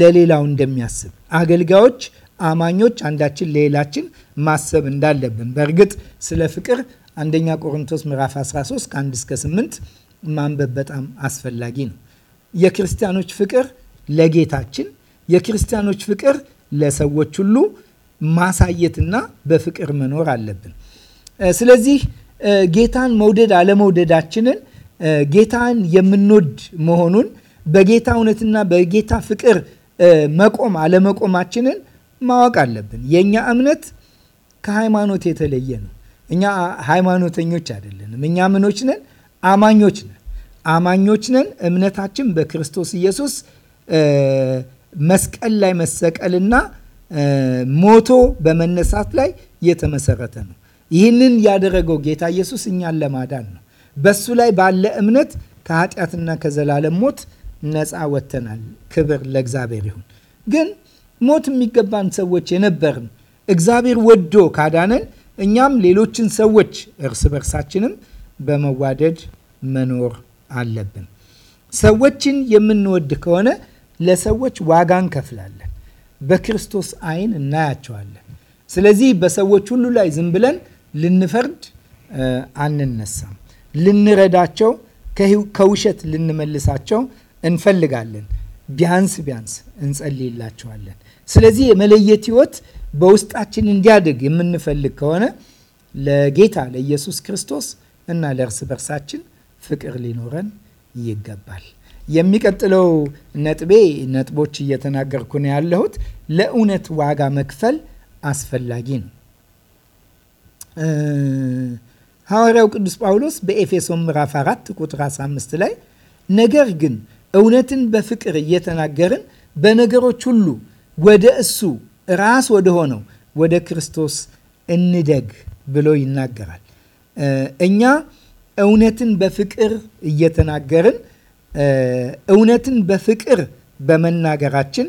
ለሌላው እንደሚያስብ አገልጋዮች አማኞች አንዳችን ለሌላችን ማሰብ እንዳለብን በእርግጥ ስለ ፍቅር አንደኛ ቆሮንቶስ ምዕራፍ 13 ከ1 እስከ 8 ማንበብ በጣም አስፈላጊ ነው። የክርስቲያኖች ፍቅር ለጌታችን፣ የክርስቲያኖች ፍቅር ለሰዎች ሁሉ ማሳየትና በፍቅር መኖር አለብን። ስለዚህ ጌታን መውደድ አለመውደዳችንን ጌታን የምንወድ መሆኑን በጌታ እውነትና በጌታ ፍቅር መቆም አለመቆማችንን ማወቅ አለብን። የእኛ እምነት ከሃይማኖት የተለየ ነው። እኛ ሃይማኖተኞች አይደለንም። እኛ ምኖች ነን? አማኞች ነን። አማኞች ነን። እምነታችን በክርስቶስ ኢየሱስ መስቀል ላይ መሰቀልና ሞቶ በመነሳት ላይ የተመሰረተ ነው። ይህንን ያደረገው ጌታ ኢየሱስ እኛን ለማዳን ነው። በሱ ላይ ባለ እምነት ከኃጢአትና ከዘላለም ሞት ነፃ ወጥተናል። ክብር ለእግዚአብሔር ይሁን። ግን ሞት የሚገባን ሰዎች የነበርን እግዚአብሔር ወዶ ካዳነን እኛም ሌሎችን ሰዎች እርስ በርሳችንም በመዋደድ መኖር አለብን። ሰዎችን የምንወድ ከሆነ ለሰዎች ዋጋ እንከፍላለን። በክርስቶስ አይን እናያቸዋለን። ስለዚህ በሰዎች ሁሉ ላይ ዝም ብለን ልንፈርድ አንነሳም። ልንረዳቸው፣ ከውሸት ልንመልሳቸው እንፈልጋለን። ቢያንስ ቢያንስ እንጸልይላቸዋለን። ስለዚህ የመለየት ህይወት በውስጣችን እንዲያድግ የምንፈልግ ከሆነ ለጌታ ለኢየሱስ ክርስቶስ እና ለእርስ በርሳችን ፍቅር ሊኖረን ይገባል። የሚቀጥለው ነጥቤ ነጥቦች እየተናገርኩ ነው ያለሁት ለእውነት ዋጋ መክፈል አስፈላጊ ነው። ሐዋርያው ቅዱስ ጳውሎስ በኤፌሶን ምዕራፍ 4 ቁጥር 15 ላይ ነገር ግን እውነትን በፍቅር እየተናገርን በነገሮች ሁሉ ወደ እሱ ራስ ወደ ሆነው ወደ ክርስቶስ እንደግ ብሎ ይናገራል። እኛ እውነትን በፍቅር እየተናገርን እውነትን በፍቅር በመናገራችን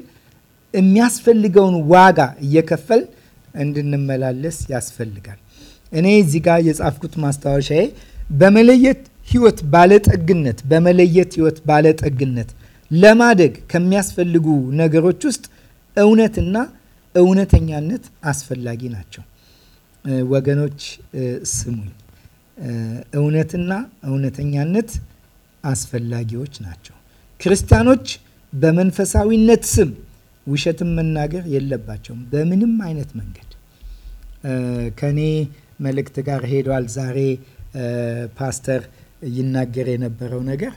የሚያስፈልገውን ዋጋ እየከፈል እንድንመላለስ ያስፈልጋል። እኔ እዚህ ጋር የጻፍኩት ማስታወሻዬ በመለየት ህይወት ባለጠግነት በመለየት ህይወት ባለጠግነት ለማደግ ከሚያስፈልጉ ነገሮች ውስጥ እውነትና እውነተኛነት አስፈላጊ ናቸው። ወገኖች ስሙኝ፣ እውነትና እውነተኛነት አስፈላጊዎች ናቸው። ክርስቲያኖች በመንፈሳዊነት ስም ውሸትን መናገር የለባቸውም በምንም አይነት መንገድ። ከኔ መልእክት ጋር ሄዷል። ዛሬ ፓስተር ይናገር የነበረው ነገር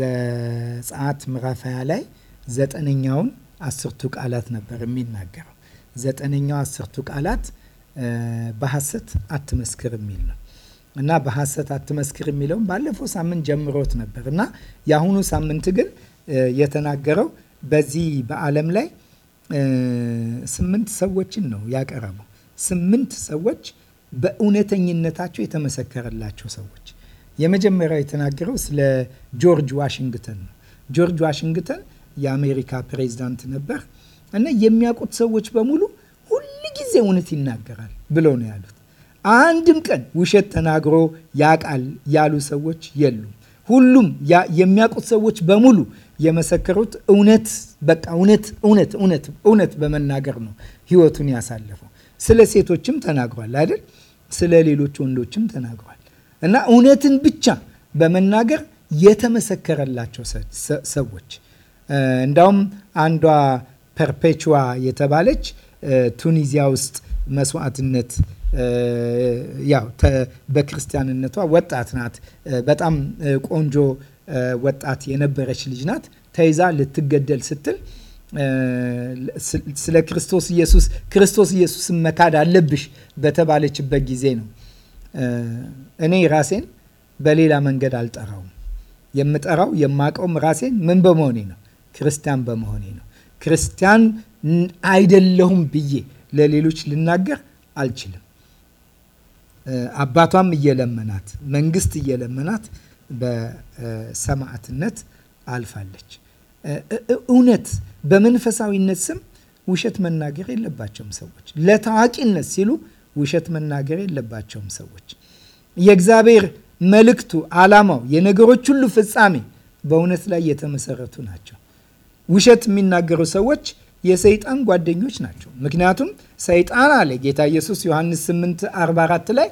ዘጸአት ምዕራፍ ላይ ዘጠነኛውን አስርቱ ቃላት ነበር የሚናገረው። ዘጠነኛው አስርቱ ቃላት በሐሰት አትመስክር የሚል ነው እና በሐሰት አትመስክር የሚለውን ባለፈው ሳምንት ጀምሮት ነበር እና የአሁኑ ሳምንት ግን የተናገረው በዚህ በዓለም ላይ ስምንት ሰዎችን ነው ያቀረቡ። ስምንት ሰዎች በእውነተኝነታቸው የተመሰከረላቸው ሰዎች። የመጀመሪያው የተናገረው ስለ ጆርጅ ዋሽንግተን ነው። ጆርጅ ዋሽንግተን የአሜሪካ ፕሬዚዳንት ነበር እና የሚያውቁት ሰዎች በሙሉ ሁል ጊዜ እውነት ይናገራል ብለው ነው ያሉት። አንድም ቀን ውሸት ተናግሮ ያቃል ያሉ ሰዎች የሉም። ሁሉም የሚያውቁት ሰዎች በሙሉ የመሰከሩት እውነት በቃ እውነት እውነት እውነት እውነት በመናገር ነው ህይወቱን ያሳለፈው። ስለ ሴቶችም ተናግሯል አይደል? ስለ ሌሎች ወንዶችም ተናግሯል እና እውነትን ብቻ በመናገር የተመሰከረላቸው ሰዎች እንዳውም አንዷ ፐርፔቹዋ የተባለች ቱኒዚያ ውስጥ መስዋዕትነት ያው በክርስቲያንነቷ ወጣት ናት። በጣም ቆንጆ ወጣት የነበረች ልጅ ናት። ተይዛ ልትገደል ስትል ስለ ክርስቶስ ኢየሱስ ክርስቶስ ኢየሱስን መካድ አለብሽ በተባለችበት ጊዜ ነው እኔ ራሴን በሌላ መንገድ አልጠራውም። የምጠራው የማቀውም ራሴን ምን በመሆኔ ነው ክርስቲያን በመሆኔ ነው። ክርስቲያን አይደለሁም ብዬ ለሌሎች ልናገር አልችልም። አባቷም እየለመናት መንግስት እየለመናት በሰማዕትነት አልፋለች። እውነት በመንፈሳዊነት ስም ውሸት መናገር የለባቸውም ሰዎች። ለታዋቂነት ሲሉ ውሸት መናገር የለባቸውም ሰዎች። የእግዚአብሔር መልእክቱ፣ ዓላማው፣ የነገሮች ሁሉ ፍጻሜ በእውነት ላይ የተመሰረቱ ናቸው። ውሸት የሚናገሩ ሰዎች የሰይጣን ጓደኞች ናቸው። ምክንያቱም ሰይጣን አለ ጌታ ኢየሱስ ዮሐንስ 8 44 ላይ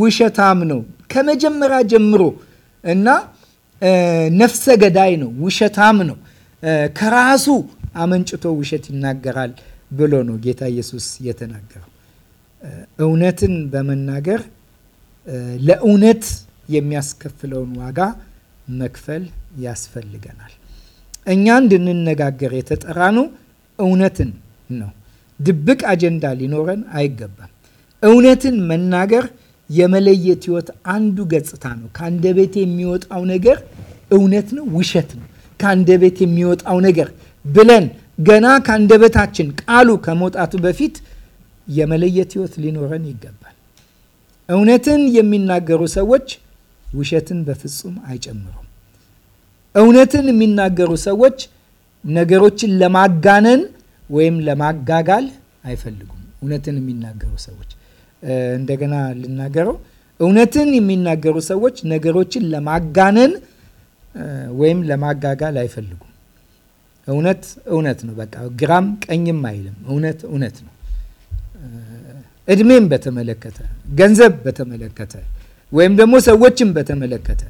ውሸታም ነው ከመጀመሪያ ጀምሮ እና ነፍሰ ገዳይ ነው፣ ውሸታም ነው፣ ከራሱ አመንጭቶ ውሸት ይናገራል ብሎ ነው ጌታ ኢየሱስ የተናገረው። እውነትን በመናገር ለእውነት የሚያስከፍለውን ዋጋ መክፈል ያስፈልገናል። እኛ እንድንነጋገር የተጠራነው እውነትን ነው። ድብቅ አጀንዳ ሊኖረን አይገባም። እውነትን መናገር የመለየት ህይወት አንዱ ገጽታ ነው። ከአንደበት የሚወጣው ነገር እውነት ነው፣ ውሸት ነው፣ ከአንደበት የሚወጣው ነገር ብለን ገና ከአንደበታችን ቃሉ ከመውጣቱ በፊት የመለየት ህይወት ሊኖረን ይገባል። እውነትን የሚናገሩ ሰዎች ውሸትን በፍጹም አይጨምሩም። እውነትን የሚናገሩ ሰዎች ነገሮችን ለማጋነን ወይም ለማጋጋል አይፈልጉም። እውነትን የሚናገሩ ሰዎች እንደገና ልናገረው፣ እውነትን የሚናገሩ ሰዎች ነገሮችን ለማጋነን ወይም ለማጋጋል አይፈልጉም። እውነት እውነት ነው። በቃ ግራም ቀኝም አይልም። እውነት እውነት ነው። እድሜም በተመለከተ፣ ገንዘብ በተመለከተ ወይም ደግሞ ሰዎችን በተመለከተ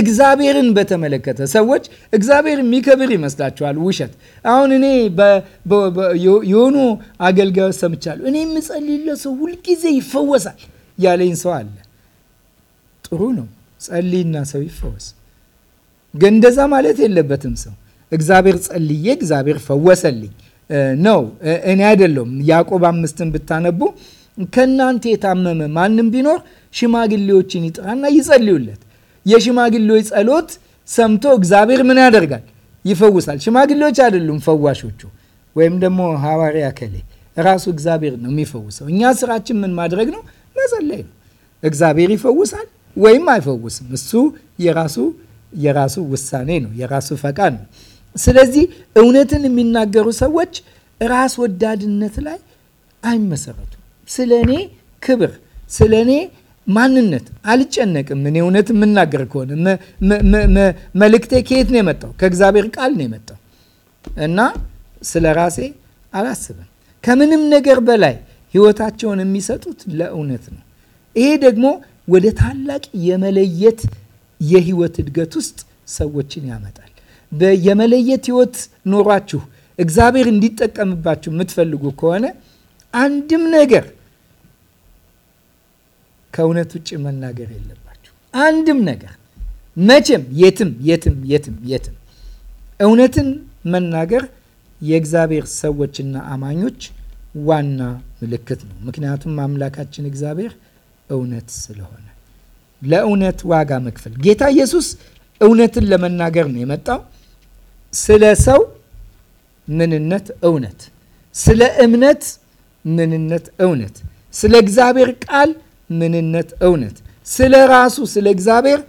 እግዚአብሔርን በተመለከተ ሰዎች እግዚአብሔር የሚከብር ይመስላቸዋል። ውሸት። አሁን እኔ የሆኑ አገልጋዮች ሰምቻለሁ። እኔ የምጸልይለት ሰው ሁልጊዜ ይፈወሳል ያለኝ ሰው አለ። ጥሩ ነው፣ ጸልይና ሰው ይፈወስ። ግን እንደዛ ማለት የለበትም ሰው እግዚአብሔር ጸልዬ እግዚአብሔር ፈወሰልኝ ነው። እኔ አይደለም። ያዕቆብ አምስትን ብታነቡ ከእናንተ የታመመ ማንም ቢኖር ሽማግሌዎችን ይጥራና ይጸልዩለት የሽማግሌዎች ጸሎት ሰምቶ እግዚአብሔር ምን ያደርጋል? ይፈውሳል። ሽማግሌዎች አይደሉም ፈዋሾቹ፣ ወይም ደግሞ ሐዋርያ ከሌ ራሱ እግዚአብሔር ነው የሚፈውሰው። እኛ ስራችን ምን ማድረግ ነው? መጸለይ ነው። እግዚአብሔር ይፈውሳል ወይም አይፈውስም። እሱ የራሱ የራሱ ውሳኔ ነው፣ የራሱ ፈቃድ ነው። ስለዚህ እውነትን የሚናገሩ ሰዎች ራስ ወዳድነት ላይ አይመሰረቱም። ስለ እኔ ክብር ስለ እኔ ማንነት አልጨነቅም። እኔ እውነት የምናገር ከሆነ መልእክቴ ከየት ነው የመጣው? ከእግዚአብሔር ቃል ነው የመጣው እና ስለ ራሴ አላስብም። ከምንም ነገር በላይ ህይወታቸውን የሚሰጡት ለእውነት ነው። ይሄ ደግሞ ወደ ታላቅ የመለየት የህይወት እድገት ውስጥ ሰዎችን ያመጣል። የመለየት ህይወት ኖሯችሁ እግዚአብሔር እንዲጠቀምባችሁ የምትፈልጉ ከሆነ አንድም ነገር ከእውነት ውጭ መናገር የለባችሁ አንድም ነገር መቼም የትም የትም የትም የትም እውነትን መናገር የእግዚአብሔር ሰዎችና አማኞች ዋና ምልክት ነው። ምክንያቱም አምላካችን እግዚአብሔር እውነት ስለሆነ ለእውነት ዋጋ መክፈል ጌታ ኢየሱስ እውነትን ለመናገር ነው የመጣው። ስለ ሰው ምንነት እውነት፣ ስለ እምነት ምንነት እውነት፣ ስለ እግዚአብሔር ቃል ምንነት እውነት፣ ስለ ራሱ ስለ እግዚአብሔር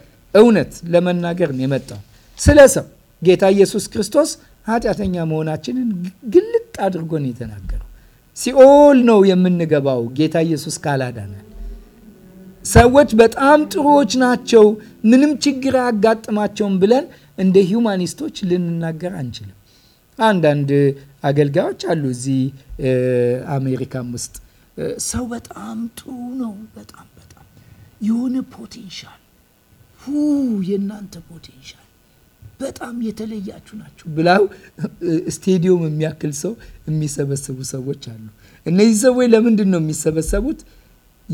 እውነት ለመናገር ነው የመጣው። ስለ ሰው ጌታ ኢየሱስ ክርስቶስ ኃጢአተኛ መሆናችንን ግልጥ አድርጎ ነው የተናገረው። ሲኦል ነው የምንገባው ጌታ ኢየሱስ ካላዳናል። ሰዎች በጣም ጥሩዎች ናቸው፣ ምንም ችግር አያጋጥማቸውም ብለን እንደ ሂውማኒስቶች ልንናገር አንችልም። አንዳንድ አገልጋዮች አሉ እዚህ አሜሪካም ውስጥ ሰው በጣም ጥሩ ነው። በጣም በጣም የሆነ ፖቴንሻል ሁ የእናንተ ፖቴንሻል በጣም የተለያችሁ ናችሁ ብላው ስቴዲየም የሚያክል ሰው የሚሰበስቡ ሰዎች አሉ። እነዚህ ሰዎች ለምንድን ነው የሚሰበሰቡት?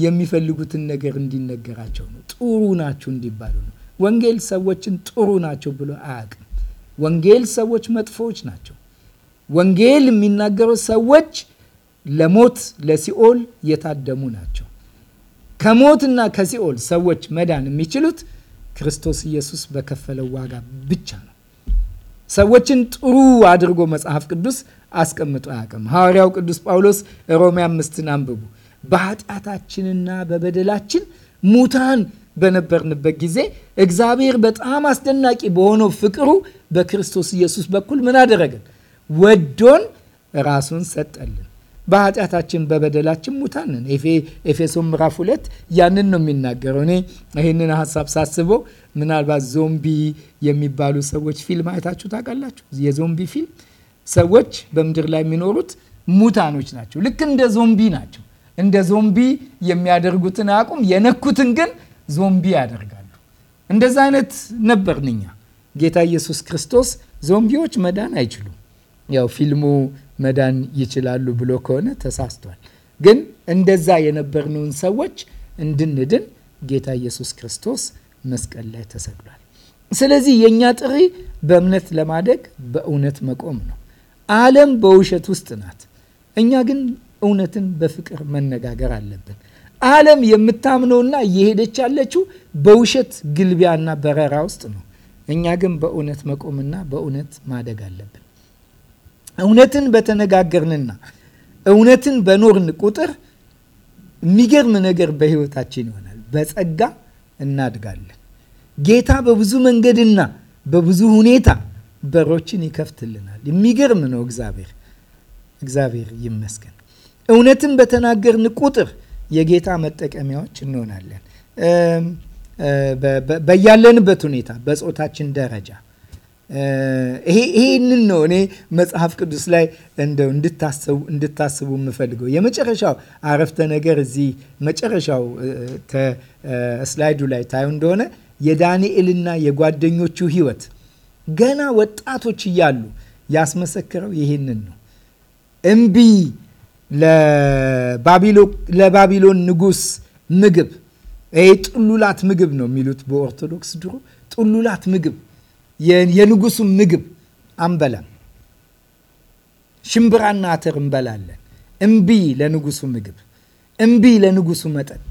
የሚፈልጉትን ነገር እንዲነገራቸው ነው። ጥሩ ናችሁ እንዲባሉ ነው። ወንጌል ሰዎችን ጥሩ ናቸው ብሎ አያውቅም። ወንጌል ሰዎች መጥፎዎች ናቸው። ወንጌል የሚናገረው ሰዎች ለሞት ለሲኦል የታደሙ ናቸው። ከሞትና ከሲኦል ሰዎች መዳን የሚችሉት ክርስቶስ ኢየሱስ በከፈለው ዋጋ ብቻ ነው። ሰዎችን ጥሩ አድርጎ መጽሐፍ ቅዱስ አስቀምጦ አያውቅም። ሐዋርያው ቅዱስ ጳውሎስ ሮሜ አምስትን አንብቡ። በኃጢአታችንና በበደላችን ሙታን በነበርንበት ጊዜ እግዚአብሔር በጣም አስደናቂ በሆነው ፍቅሩ በክርስቶስ ኢየሱስ በኩል ምን አደረገን? ወዶን ራሱን ሰጠልን። በኃጢአታችን በበደላችን ሙታን ነን። ኤፌሶን ምዕራፍ ሁለት ያንን ነው የሚናገረው። እኔ ይህንን ሀሳብ ሳስበው ምናልባት ዞምቢ የሚባሉ ሰዎች ፊልም አይታችሁ ታውቃላችሁ? የዞምቢ ፊልም ሰዎች በምድር ላይ የሚኖሩት ሙታኖች ናቸው። ልክ እንደ ዞምቢ ናቸው። እንደ ዞምቢ የሚያደርጉትን አቁም የነኩትን ግን ዞምቢ ያደርጋሉ። እንደዛ አይነት ነበርን እኛ። ጌታ ኢየሱስ ክርስቶስ ዞምቢዎች መዳን አይችሉም። ያው ፊልሙ መዳን ይችላሉ ብሎ ከሆነ ተሳስቷል። ግን እንደዛ የነበርነውን ሰዎች እንድንድን ጌታ ኢየሱስ ክርስቶስ መስቀል ላይ ተሰቅሏል። ስለዚህ የእኛ ጥሪ በእምነት ለማደግ በእውነት መቆም ነው። ዓለም በውሸት ውስጥ ናት። እኛ ግን እውነትን በፍቅር መነጋገር አለብን። ዓለም የምታምነውና እየሄደች ያለችው በውሸት ግልቢያና በረራ ውስጥ ነው። እኛ ግን በእውነት መቆምና በእውነት ማደግ አለብን። እውነትን በተነጋገርንና እውነትን በኖርን ቁጥር የሚገርም ነገር በህይወታችን ይሆናል። በጸጋ እናድጋለን። ጌታ በብዙ መንገድና በብዙ ሁኔታ በሮችን ይከፍትልናል። የሚገርም ነው። እግዚአብሔር እግዚአብሔር ይመስገን። እውነትን በተናገርን ቁጥር የጌታ መጠቀሚያዎች እንሆናለን። በያለንበት ሁኔታ በጾታችን ደረጃ ይህንን ነው እኔ መጽሐፍ ቅዱስ ላይ እንደው እንድታስቡ የምፈልገው። የመጨረሻው አረፍተ ነገር እዚህ መጨረሻው ስላይዱ ላይ ታዩ እንደሆነ የዳንኤልና የጓደኞቹ ህይወት ገና ወጣቶች እያሉ ያስመሰክረው ይህንን ነው። እምቢ ለባቢሎን ንጉስ ምግብ፣ ይሄ ጥሉላት ምግብ ነው የሚሉት በኦርቶዶክስ ድሮ ጥሉላት ምግብ የንጉሱን ምግብ አንበላም። ሽምብራና አተር እንበላለን። እምቢ ለንጉሱ ምግብ፣ እምቢ ለንጉሱ መጠጥ፣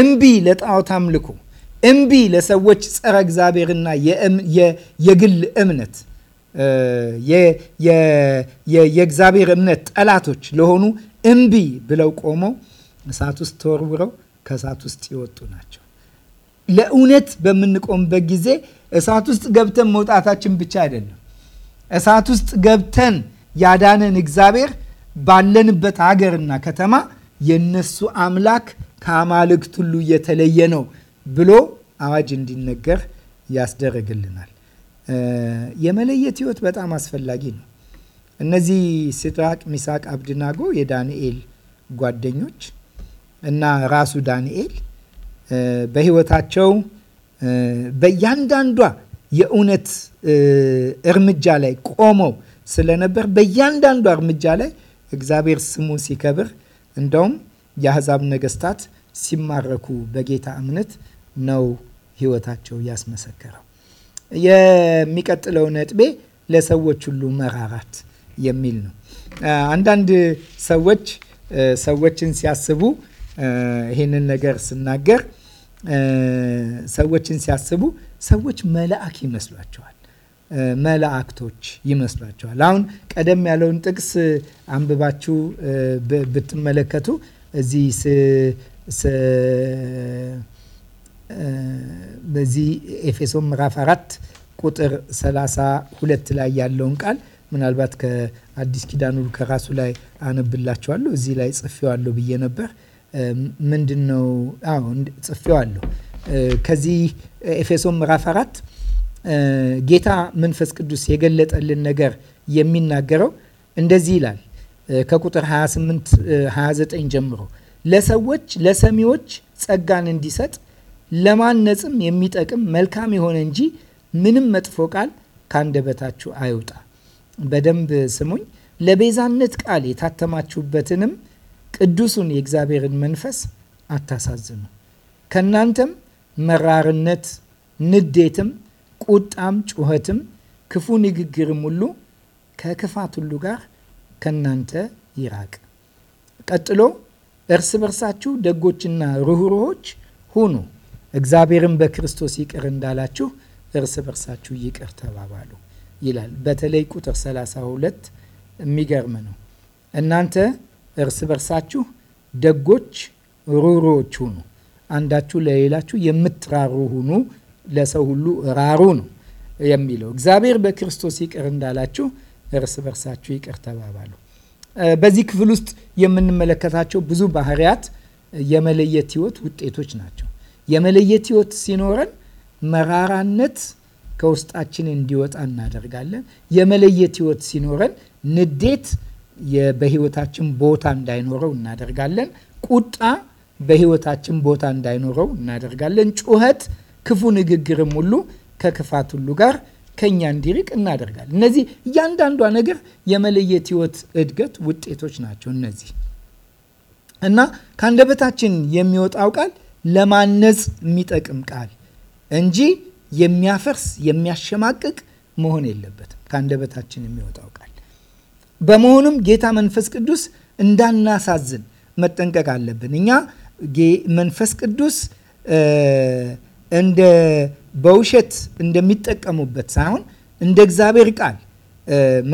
እምቢ ለጣዖት አምልኮ፣ እምቢ ለሰዎች ጸረ እግዚአብሔርና የግል እምነት የእግዚአብሔር እምነት ጠላቶች ለሆኑ እምቢ ብለው ቆመው እሳት ውስጥ ተወርውረው ከእሳት ውስጥ የወጡ ናቸው። ለእውነት በምንቆምበት ጊዜ እሳት ውስጥ ገብተን መውጣታችን ብቻ አይደለም። እሳት ውስጥ ገብተን ያዳነን እግዚአብሔር ባለንበት ሀገርና ከተማ የነሱ አምላክ ከአማልክት ሁሉ የተለየ ነው ብሎ አዋጅ እንዲነገር ያስደረግልናል። የመለየት ህይወት በጣም አስፈላጊ ነው። እነዚህ ሲድራቅ፣ ሚሳቅ፣ አብድናጎ የዳንኤል ጓደኞች እና ራሱ ዳንኤል በህይወታቸው በእያንዳንዷ የእውነት እርምጃ ላይ ቆመው ስለነበር በእያንዳንዷ እርምጃ ላይ እግዚአብሔር ስሙ ሲከብር እንደውም የአሕዛብ ነገስታት ሲማረኩ በጌታ እምነት ነው ህይወታቸው ያስመሰከረው። የሚቀጥለው ነጥቤ ለሰዎች ሁሉ መራራት የሚል ነው። አንዳንድ ሰዎች ሰዎችን ሲያስቡ ይህንን ነገር ስናገር ሰዎችን ሲያስቡ ሰዎች መልአክ ይመስሏቸዋል፣ መላእክቶች ይመስሏቸዋል። አሁን ቀደም ያለውን ጥቅስ አንብባችሁ ብትመለከቱ እዚህ በዚህ ኤፌሶን ምዕራፍ አራት ቁጥር 32 ላይ ያለውን ቃል ምናልባት ከአዲስ ኪዳኑ ከራሱ ላይ አነብላችኋለሁ። እዚህ ላይ ጽፌዋለሁ ብዬ ነበር። ምንድን ነው? አዎ ጽፌዋለሁ። ከዚህ ኤፌሶን ምዕራፍ አራት ጌታ መንፈስ ቅዱስ የገለጠልን ነገር የሚናገረው እንደዚህ ይላል ከቁጥር 28 29 ጀምሮ ለሰዎች ለሰሚዎች ጸጋን እንዲሰጥ ለማነጽም የሚጠቅም መልካም የሆነ እንጂ ምንም መጥፎ ቃል ካንደበታችሁ አይውጣ። በደንብ ስሙኝ። ለቤዛነት ቃል የታተማችሁበትንም ቅዱሱን የእግዚአብሔርን መንፈስ አታሳዝኑ። ከእናንተም መራርነት፣ ንዴትም፣ ቁጣም፣ ጩኸትም፣ ክፉ ንግግርም ሁሉ ከክፋት ሁሉ ጋር ከእናንተ ይራቅ። ቀጥሎ እርስ በርሳችሁ ደጎችና ርኅሩኆች ሁኑ፣ እግዚአብሔርን በክርስቶስ ይቅር እንዳላችሁ እርስ በርሳችሁ ይቅር ተባባሉ ይላል። በተለይ ቁጥር 32 የሚገርም ነው። እናንተ እርስ በርሳችሁ ደጎች፣ ሩሮዎች ሁኑ። አንዳችሁ ለሌላችሁ የምትራሩ ሁኑ። ለሰው ሁሉ ራሩ ነው የሚለው። እግዚአብሔር በክርስቶስ ይቅር እንዳላችሁ እርስ በርሳችሁ ይቅር ተባባሉ። በዚህ ክፍል ውስጥ የምንመለከታቸው ብዙ ባህሪያት የመለየት ህይወት ውጤቶች ናቸው። የመለየት ህይወት ሲኖረን መራራነት ከውስጣችን እንዲወጣ እናደርጋለን። የመለየት ህይወት ሲኖረን ንዴት በህይወታችን ቦታ እንዳይኖረው እናደርጋለን። ቁጣ በህይወታችን ቦታ እንዳይኖረው እናደርጋለን። ጩኸት፣ ክፉ ንግግርም ሁሉ ከክፋት ሁሉ ጋር ከኛ እንዲርቅ እናደርጋለን። እነዚህ እያንዳንዷ ነገር የመለየት ህይወት እድገት ውጤቶች ናቸው። እነዚህ እና ከአንደበታችን የሚወጣው ቃል ለማነጽ የሚጠቅም ቃል እንጂ የሚያፈርስ የሚያሸማቅቅ መሆን የለበትም። ከአንደበታችን የሚወጣው ቃል በመሆኑም ጌታ መንፈስ ቅዱስ እንዳናሳዝን መጠንቀቅ አለብን። እኛ መንፈስ ቅዱስ እንደ በውሸት እንደሚጠቀሙበት ሳይሆን እንደ እግዚአብሔር ቃል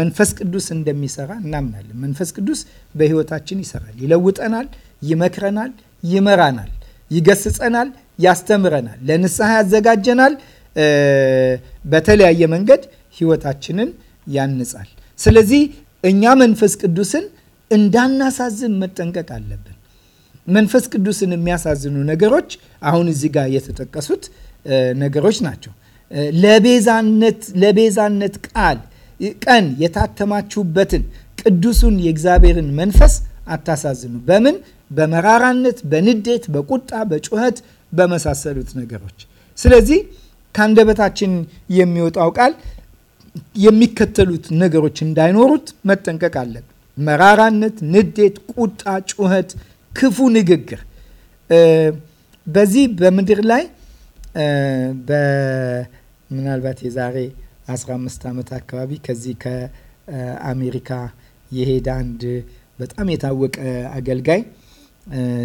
መንፈስ ቅዱስ እንደሚሰራ እናምናለን። መንፈስ ቅዱስ በሕይወታችን ይሰራል፣ ይለውጠናል፣ ይመክረናል፣ ይመራናል፣ ይገስጸናል፣ ያስተምረናል፣ ለንስሐ ያዘጋጀናል፣ በተለያየ መንገድ ሕይወታችንን ያንጻል። ስለዚህ እኛ መንፈስ ቅዱስን እንዳናሳዝን መጠንቀቅ አለብን። መንፈስ ቅዱስን የሚያሳዝኑ ነገሮች አሁን እዚህ ጋር የተጠቀሱት ነገሮች ናቸው። ለቤዛነት ቃል ቀን የታተማችሁበትን ቅዱሱን የእግዚአብሔርን መንፈስ አታሳዝኑ። በምን? በመራራነት፣ በንዴት፣ በቁጣ፣ በጩኸት በመሳሰሉት ነገሮች። ስለዚህ ከአንደበታችን የሚወጣው ቃል የሚከተሉት ነገሮች እንዳይኖሩት መጠንቀቅ አለን። መራራነት፣ ንዴት፣ ቁጣ፣ ጩኸት፣ ክፉ ንግግር በዚህ በምድር ላይ ምናልባት የዛሬ 15 ዓመት አካባቢ ከዚህ ከአሜሪካ የሄደ አንድ በጣም የታወቀ አገልጋይ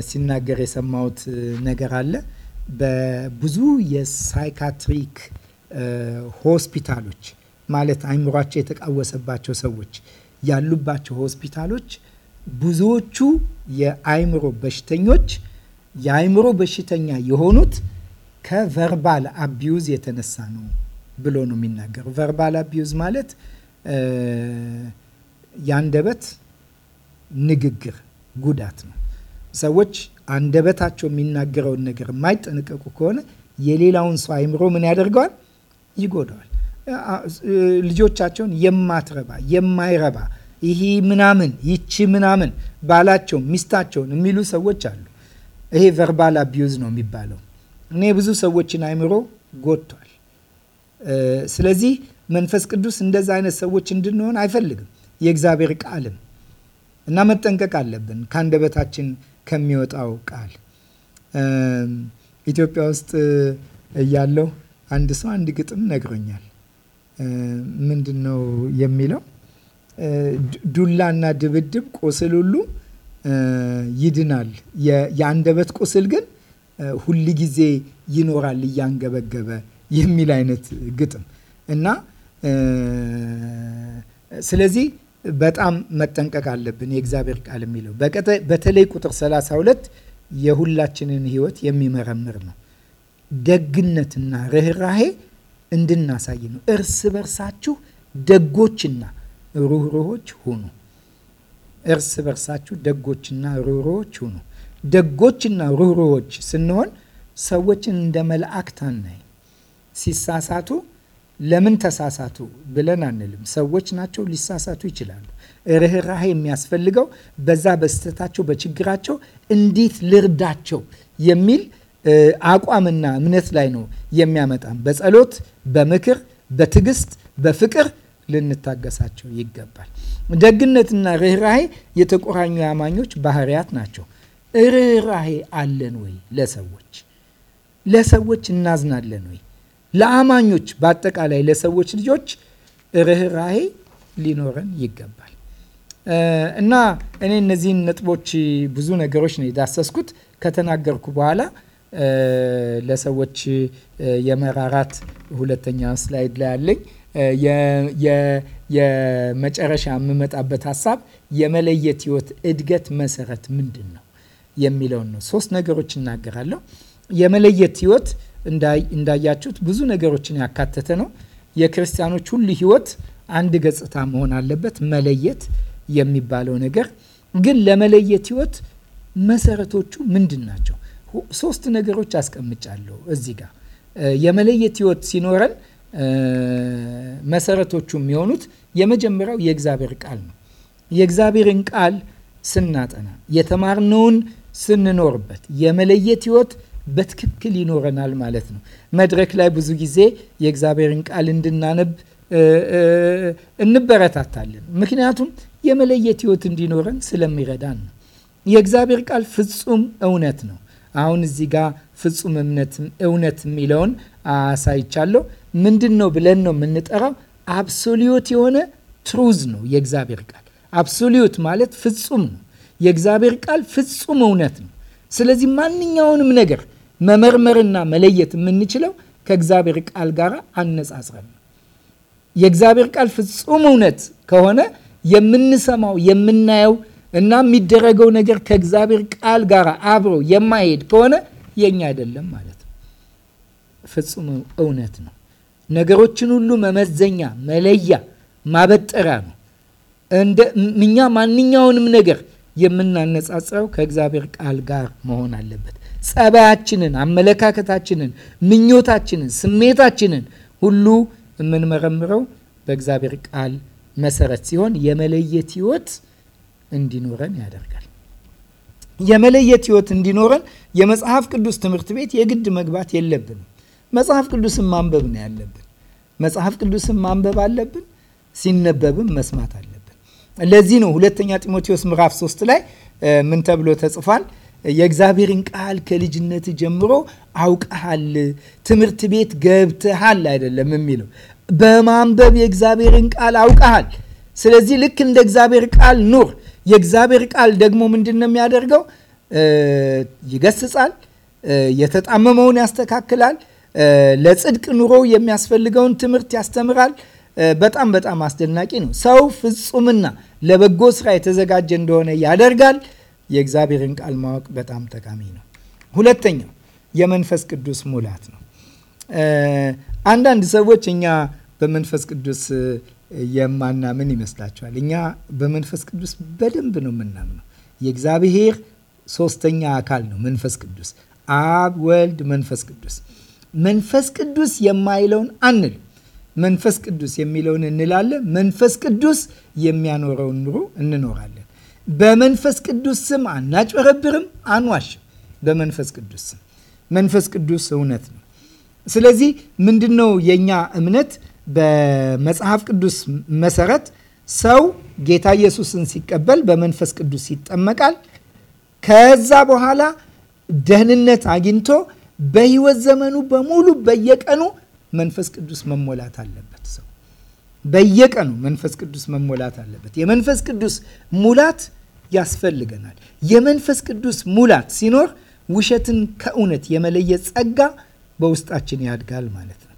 ሲናገር የሰማሁት ነገር አለ። በብዙ የሳይካትሪክ ሆስፒታሎች ማለት አይምሯቸው የተቃወሰባቸው ሰዎች ያሉባቸው ሆስፒታሎች ብዙዎቹ የአይምሮ በሽተኞች የአይምሮ በሽተኛ የሆኑት ከቨርባል አቢዩዝ የተነሳ ነው ብሎ ነው የሚናገረው። ቨርባል አቢዩዝ ማለት የአንደበት ንግግር ጉዳት ነው። ሰዎች አንደበታቸው የሚናገረውን ነገር የማይጠነቀቁ ከሆነ የሌላውን ሰው አይምሮ ምን ያደርገዋል? ይጎደዋል። ልጆቻቸውን የማትረባ የማይረባ ይሄ ምናምን ይቺ ምናምን ባላቸውን ሚስታቸውን የሚሉ ሰዎች አሉ። ይሄ ቨርባል አቢዩዝ ነው የሚባለው። እኔ ብዙ ሰዎችን አይምሮ ጎድቷል። ስለዚህ መንፈስ ቅዱስ እንደዛ አይነት ሰዎች እንድንሆን አይፈልግም። የእግዚአብሔር ቃልም እና መጠንቀቅ አለብን ከአንደበታችን ከሚወጣው ቃል። ኢትዮጵያ ውስጥ እያለሁ አንድ ሰው አንድ ግጥም ነግሮኛል። ምንድን ነው የሚለው? ዱላና ድብድብ ቁስል ሁሉ ይድናል። የአንደበት ቁስል ግን ሁል ጊዜ ይኖራል እያንገበገበ የሚል አይነት ግጥም እና ስለዚህ በጣም መጠንቀቅ አለብን። የእግዚአብሔር ቃል የሚለው በተለይ ቁጥር 32 የሁላችንን ሕይወት የሚመረምር ነው። ደግነትና ርኅራሄ እንድናሳይ ነው። እርስ በርሳችሁ ደጎችና ሩህሩሆች ሁኑ። እርስ በርሳችሁ ደጎችና ሩህሩሆች ሁኑ። ደጎችና ሩህሩሆች ስንሆን ሰዎችን እንደ መላእክት አናይ። ሲሳሳቱ ለምን ተሳሳቱ ብለን አንልም። ሰዎች ናቸው፣ ሊሳሳቱ ይችላሉ። ርኅራህ የሚያስፈልገው በዛ በስተታቸው በችግራቸው እንዴት ልርዳቸው የሚል አቋምና እምነት ላይ ነው የሚያመጣም በጸሎት፣ በምክር፣ በትዕግስት፣ በፍቅር ልንታገሳቸው ይገባል። ደግነትና ርኅራሄ የተቆራኙ አማኞች ባህሪያት ናቸው። ርኅራሄ አለን ወይ? ለሰዎች ለሰዎች እናዝናለን ወይ? ለአማኞች በአጠቃላይ ለሰዎች ልጆች ርኅራሄ ሊኖረን ይገባል። እና እኔ እነዚህን ነጥቦች ብዙ ነገሮች ነው የዳሰስኩት ከተናገርኩ በኋላ ለሰዎች የመራራት ሁለተኛ ስላይድ ላይ አለኝ። የመጨረሻ የምመጣበት ሀሳብ የመለየት ህይወት እድገት መሰረት ምንድን ነው የሚለውን ነው። ሶስት ነገሮች እናገራለሁ። የመለየት ህይወት እንዳያችሁት ብዙ ነገሮችን ያካተተ ነው። የክርስቲያኖች ሁሉ ህይወት አንድ ገጽታ መሆን አለበት፣ መለየት የሚባለው ነገር ግን ለመለየት ህይወት መሰረቶቹ ምንድን ናቸው? ሶስት ነገሮች አስቀምጫለሁ እዚህ ጋር የመለየት ህይወት ሲኖረን መሰረቶቹ የሚሆኑት የመጀመሪያው የእግዚአብሔር ቃል ነው። የእግዚአብሔርን ቃል ስናጠና የተማርነውን ስንኖርበት የመለየት ህይወት በትክክል ይኖረናል ማለት ነው። መድረክ ላይ ብዙ ጊዜ የእግዚአብሔርን ቃል እንድናነብ እንበረታታለን። ምክንያቱም የመለየት ህይወት እንዲኖረን ስለሚረዳን ነው። የእግዚአብሔር ቃል ፍጹም እውነት ነው። አሁን እዚህ ጋር ፍጹም እምነት እውነት የሚለውን አሳይቻለሁ። ምንድን ነው ብለን ነው የምንጠራው? አብሶሊዮት የሆነ ትሩዝ ነው የእግዚአብሔር ቃል። አብሶሊዮት ማለት ፍጹም ነው። የእግዚአብሔር ቃል ፍጹም እውነት ነው። ስለዚህ ማንኛውንም ነገር መመርመርና መለየት የምንችለው ከእግዚአብሔር ቃል ጋር አነጻጽረን ነው። የእግዚአብሔር ቃል ፍጹም እውነት ከሆነ የምንሰማው የምናየው እና የሚደረገው ነገር ከእግዚአብሔር ቃል ጋር አብሮ የማይሄድ ከሆነ የኛ አይደለም ማለት ነው። ፍጹም እውነት ነው። ነገሮችን ሁሉ መመዘኛ፣ መለያ፣ ማበጠሪያ ነው። እኛ ማንኛውንም ነገር የምናነጻጽረው ከእግዚአብሔር ቃል ጋር መሆን አለበት። ጸባያችንን፣ አመለካከታችንን፣ ምኞታችንን፣ ስሜታችንን ሁሉ የምንመረምረው በእግዚአብሔር ቃል መሰረት ሲሆን የመለየት ህይወት እንዲኖረን ያደርጋል። የመለየት ህይወት እንዲኖረን የመጽሐፍ ቅዱስ ትምህርት ቤት የግድ መግባት የለብንም። መጽሐፍ ቅዱስን ማንበብ ነው ያለብን። መጽሐፍ ቅዱስን ማንበብ አለብን። ሲነበብም መስማት አለብን። ለዚህ ነው ሁለተኛ ጢሞቴዎስ ምዕራፍ 3 ላይ ምን ተብሎ ተጽፏል? የእግዚአብሔርን ቃል ከልጅነት ጀምሮ አውቀሃል፣ ትምህርት ቤት ገብተሃል አይደለም የሚለው በማንበብ የእግዚአብሔርን ቃል አውቀሃል። ስለዚህ ልክ እንደ እግዚአብሔር ቃል ኑር። የእግዚአብሔር ቃል ደግሞ ምንድን ነው የሚያደርገው? ይገስጻል፣ የተጣመመውን ያስተካክላል፣ ለጽድቅ ኑሮ የሚያስፈልገውን ትምህርት ያስተምራል። በጣም በጣም አስደናቂ ነው። ሰው ፍጹምና ለበጎ ስራ የተዘጋጀ እንደሆነ ያደርጋል። የእግዚአብሔርን ቃል ማወቅ በጣም ጠቃሚ ነው። ሁለተኛው የመንፈስ ቅዱስ ሙላት ነው። አንዳንድ ሰዎች እኛ በመንፈስ ቅዱስ የማናምን ይመስላችኋል? እኛ በመንፈስ ቅዱስ በደንብ ነው የምናምነው። የእግዚአብሔር ሶስተኛ አካል ነው መንፈስ ቅዱስ፣ አብ፣ ወልድ፣ መንፈስ ቅዱስ። መንፈስ ቅዱስ የማይለውን አንል መንፈስ ቅዱስ የሚለውን እንላለን። መንፈስ ቅዱስ የሚያኖረውን ኑሮ እንኖራለን። በመንፈስ ቅዱስ ስም አናጭበረብርም፣ አንዋሽም። በመንፈስ ቅዱስ ስም መንፈስ ቅዱስ እውነት ነው። ስለዚህ ምንድን ነው የእኛ እምነት በመጽሐፍ ቅዱስ መሰረት ሰው ጌታ ኢየሱስን ሲቀበል በመንፈስ ቅዱስ ይጠመቃል። ከዛ በኋላ ደህንነት አግኝቶ በህይወት ዘመኑ በሙሉ በየቀኑ መንፈስ ቅዱስ መሞላት አለበት። ሰው በየቀኑ መንፈስ ቅዱስ መሞላት አለበት። የመንፈስ ቅዱስ ሙላት ያስፈልገናል። የመንፈስ ቅዱስ ሙላት ሲኖር ውሸትን ከእውነት የመለየት ጸጋ በውስጣችን ያድጋል ማለት ነው።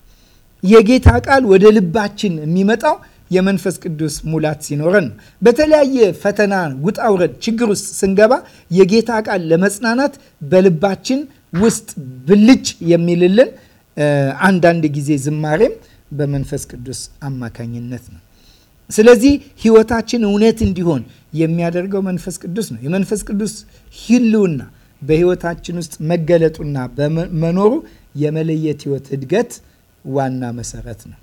የጌታ ቃል ወደ ልባችን የሚመጣው የመንፈስ ቅዱስ ሙላት ሲኖረን ነው። በተለያየ ፈተና፣ ውጣውረድ፣ ችግር ውስጥ ስንገባ የጌታ ቃል ለመጽናናት በልባችን ውስጥ ብልጭ የሚልልን አንዳንድ ጊዜ ዝማሬም በመንፈስ ቅዱስ አማካኝነት ነው። ስለዚህ ሕይወታችን እውነት እንዲሆን የሚያደርገው መንፈስ ቅዱስ ነው። የመንፈስ ቅዱስ ሕልውና በሕይወታችን ውስጥ መገለጡና በመኖሩ የመለየት ሕይወት እድገት ዋና መሰረት ነው።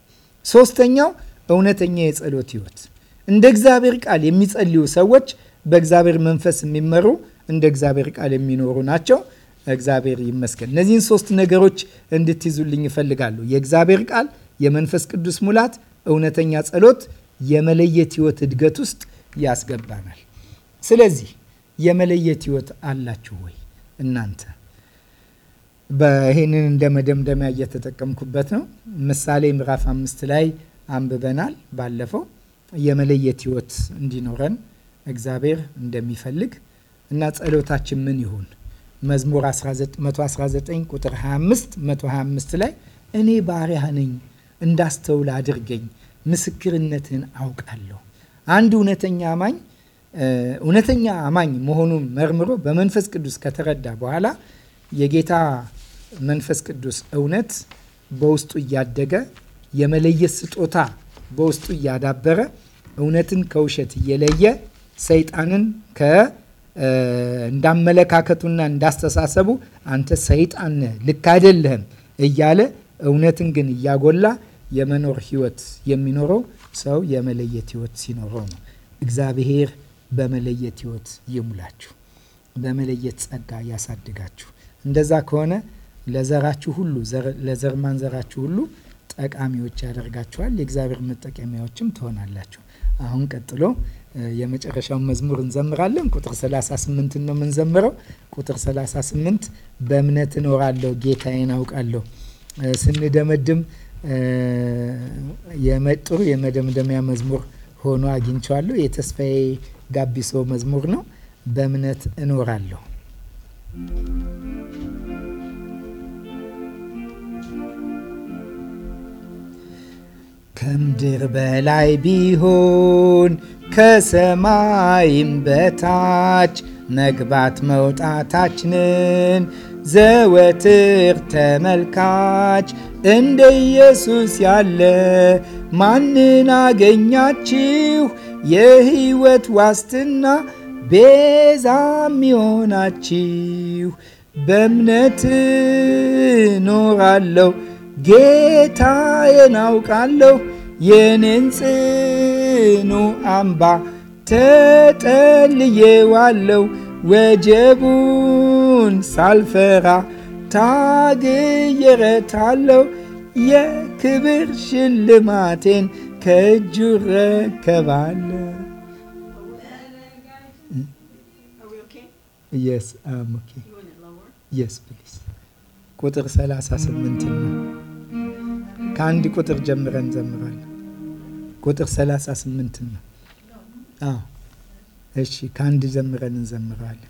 ሶስተኛው እውነተኛ የጸሎት ህይወት። እንደ እግዚአብሔር ቃል የሚጸልዩ ሰዎች በእግዚአብሔር መንፈስ የሚመሩ እንደ እግዚአብሔር ቃል የሚኖሩ ናቸው። እግዚአብሔር ይመስገን። እነዚህን ሶስት ነገሮች እንድትይዙልኝ ይፈልጋሉ። የእግዚአብሔር ቃል፣ የመንፈስ ቅዱስ ሙላት፣ እውነተኛ ጸሎት የመለየት ህይወት እድገት ውስጥ ያስገባናል። ስለዚህ የመለየት ህይወት አላችሁ ወይ እናንተ? ይህንን እንደ መደምደሚያ እየተጠቀምኩበት ነው። ምሳሌ ምዕራፍ አምስት ላይ አንብበናል ባለፈው የመለየት ህይወት እንዲኖረን እግዚአብሔር እንደሚፈልግ እና ጸሎታችን ምን ይሁን? መዝሙር 119 ቁጥር 25 125 ላይ እኔ ባሪያህ ነኝ እንዳስተውል አድርገኝ፣ ምስክርነትን አውቃለሁ። አንድ እውነተኛ አማኝ እውነተኛ አማኝ መሆኑን መርምሮ በመንፈስ ቅዱስ ከተረዳ በኋላ የጌታ መንፈስ ቅዱስ እውነት በውስጡ እያደገ የመለየት ስጦታ በውስጡ እያዳበረ እውነትን ከውሸት እየለየ ሰይጣንን ከ እንዳመለካከቱና እንዳስተሳሰቡ አንተ ሰይጣን ልክ አይደለህም እያለ እውነትን ግን እያጎላ የመኖር ህይወት የሚኖረው ሰው የመለየት ህይወት ሲኖረው ነው። እግዚአብሔር በመለየት ህይወት ይሙላችሁ፣ በመለየት ጸጋ ያሳድጋችሁ። እንደዛ ከሆነ ለዘራችሁ ሁሉ ለዘር ማንዘራችሁ ሁሉ ጠቃሚዎች ያደርጋችኋል፣ የእግዚአብሔር መጠቀሚያዎችም ትሆናላችሁ። አሁን ቀጥሎ የመጨረሻውን መዝሙር እንዘምራለን። ቁጥር 38 ነው የምንዘምረው። ቁጥር 38 በእምነት እኖራለሁ ጌታዬን አውቃለሁ ስንደመድም የመጥሩ የመደምደሚያ መዝሙር ሆኖ አግኝቸዋለሁ። የተስፋዬ ጋቢሶ መዝሙር ነው። በእምነት እኖራለሁ ከምድር በላይ ቢሆን ከሰማይም በታች መግባት መውጣታችንን ዘወትር ተመልካች እንደ ኢየሱስ ያለ ማንን አገኛችሁ? የሕይወት ዋስትና ቤዛም ይሆናችሁ በእምነት ኖራለሁ ጌታዬን አውቃለሁ የኔን ጽኑ አምባ ተጠልዬዋለሁ ወጀቡን ሳልፈራ ታግየረታለሁ የክብር ሽልማቴን ከእጁ ረከባለሁ። ቁጥር 38 ነው። ከአንድ ቁጥር ጀምረን እንዘምራለን። ቁጥር 38 ነው። እሺ፣ ከአንድ ጀምረን እንዘምራለን።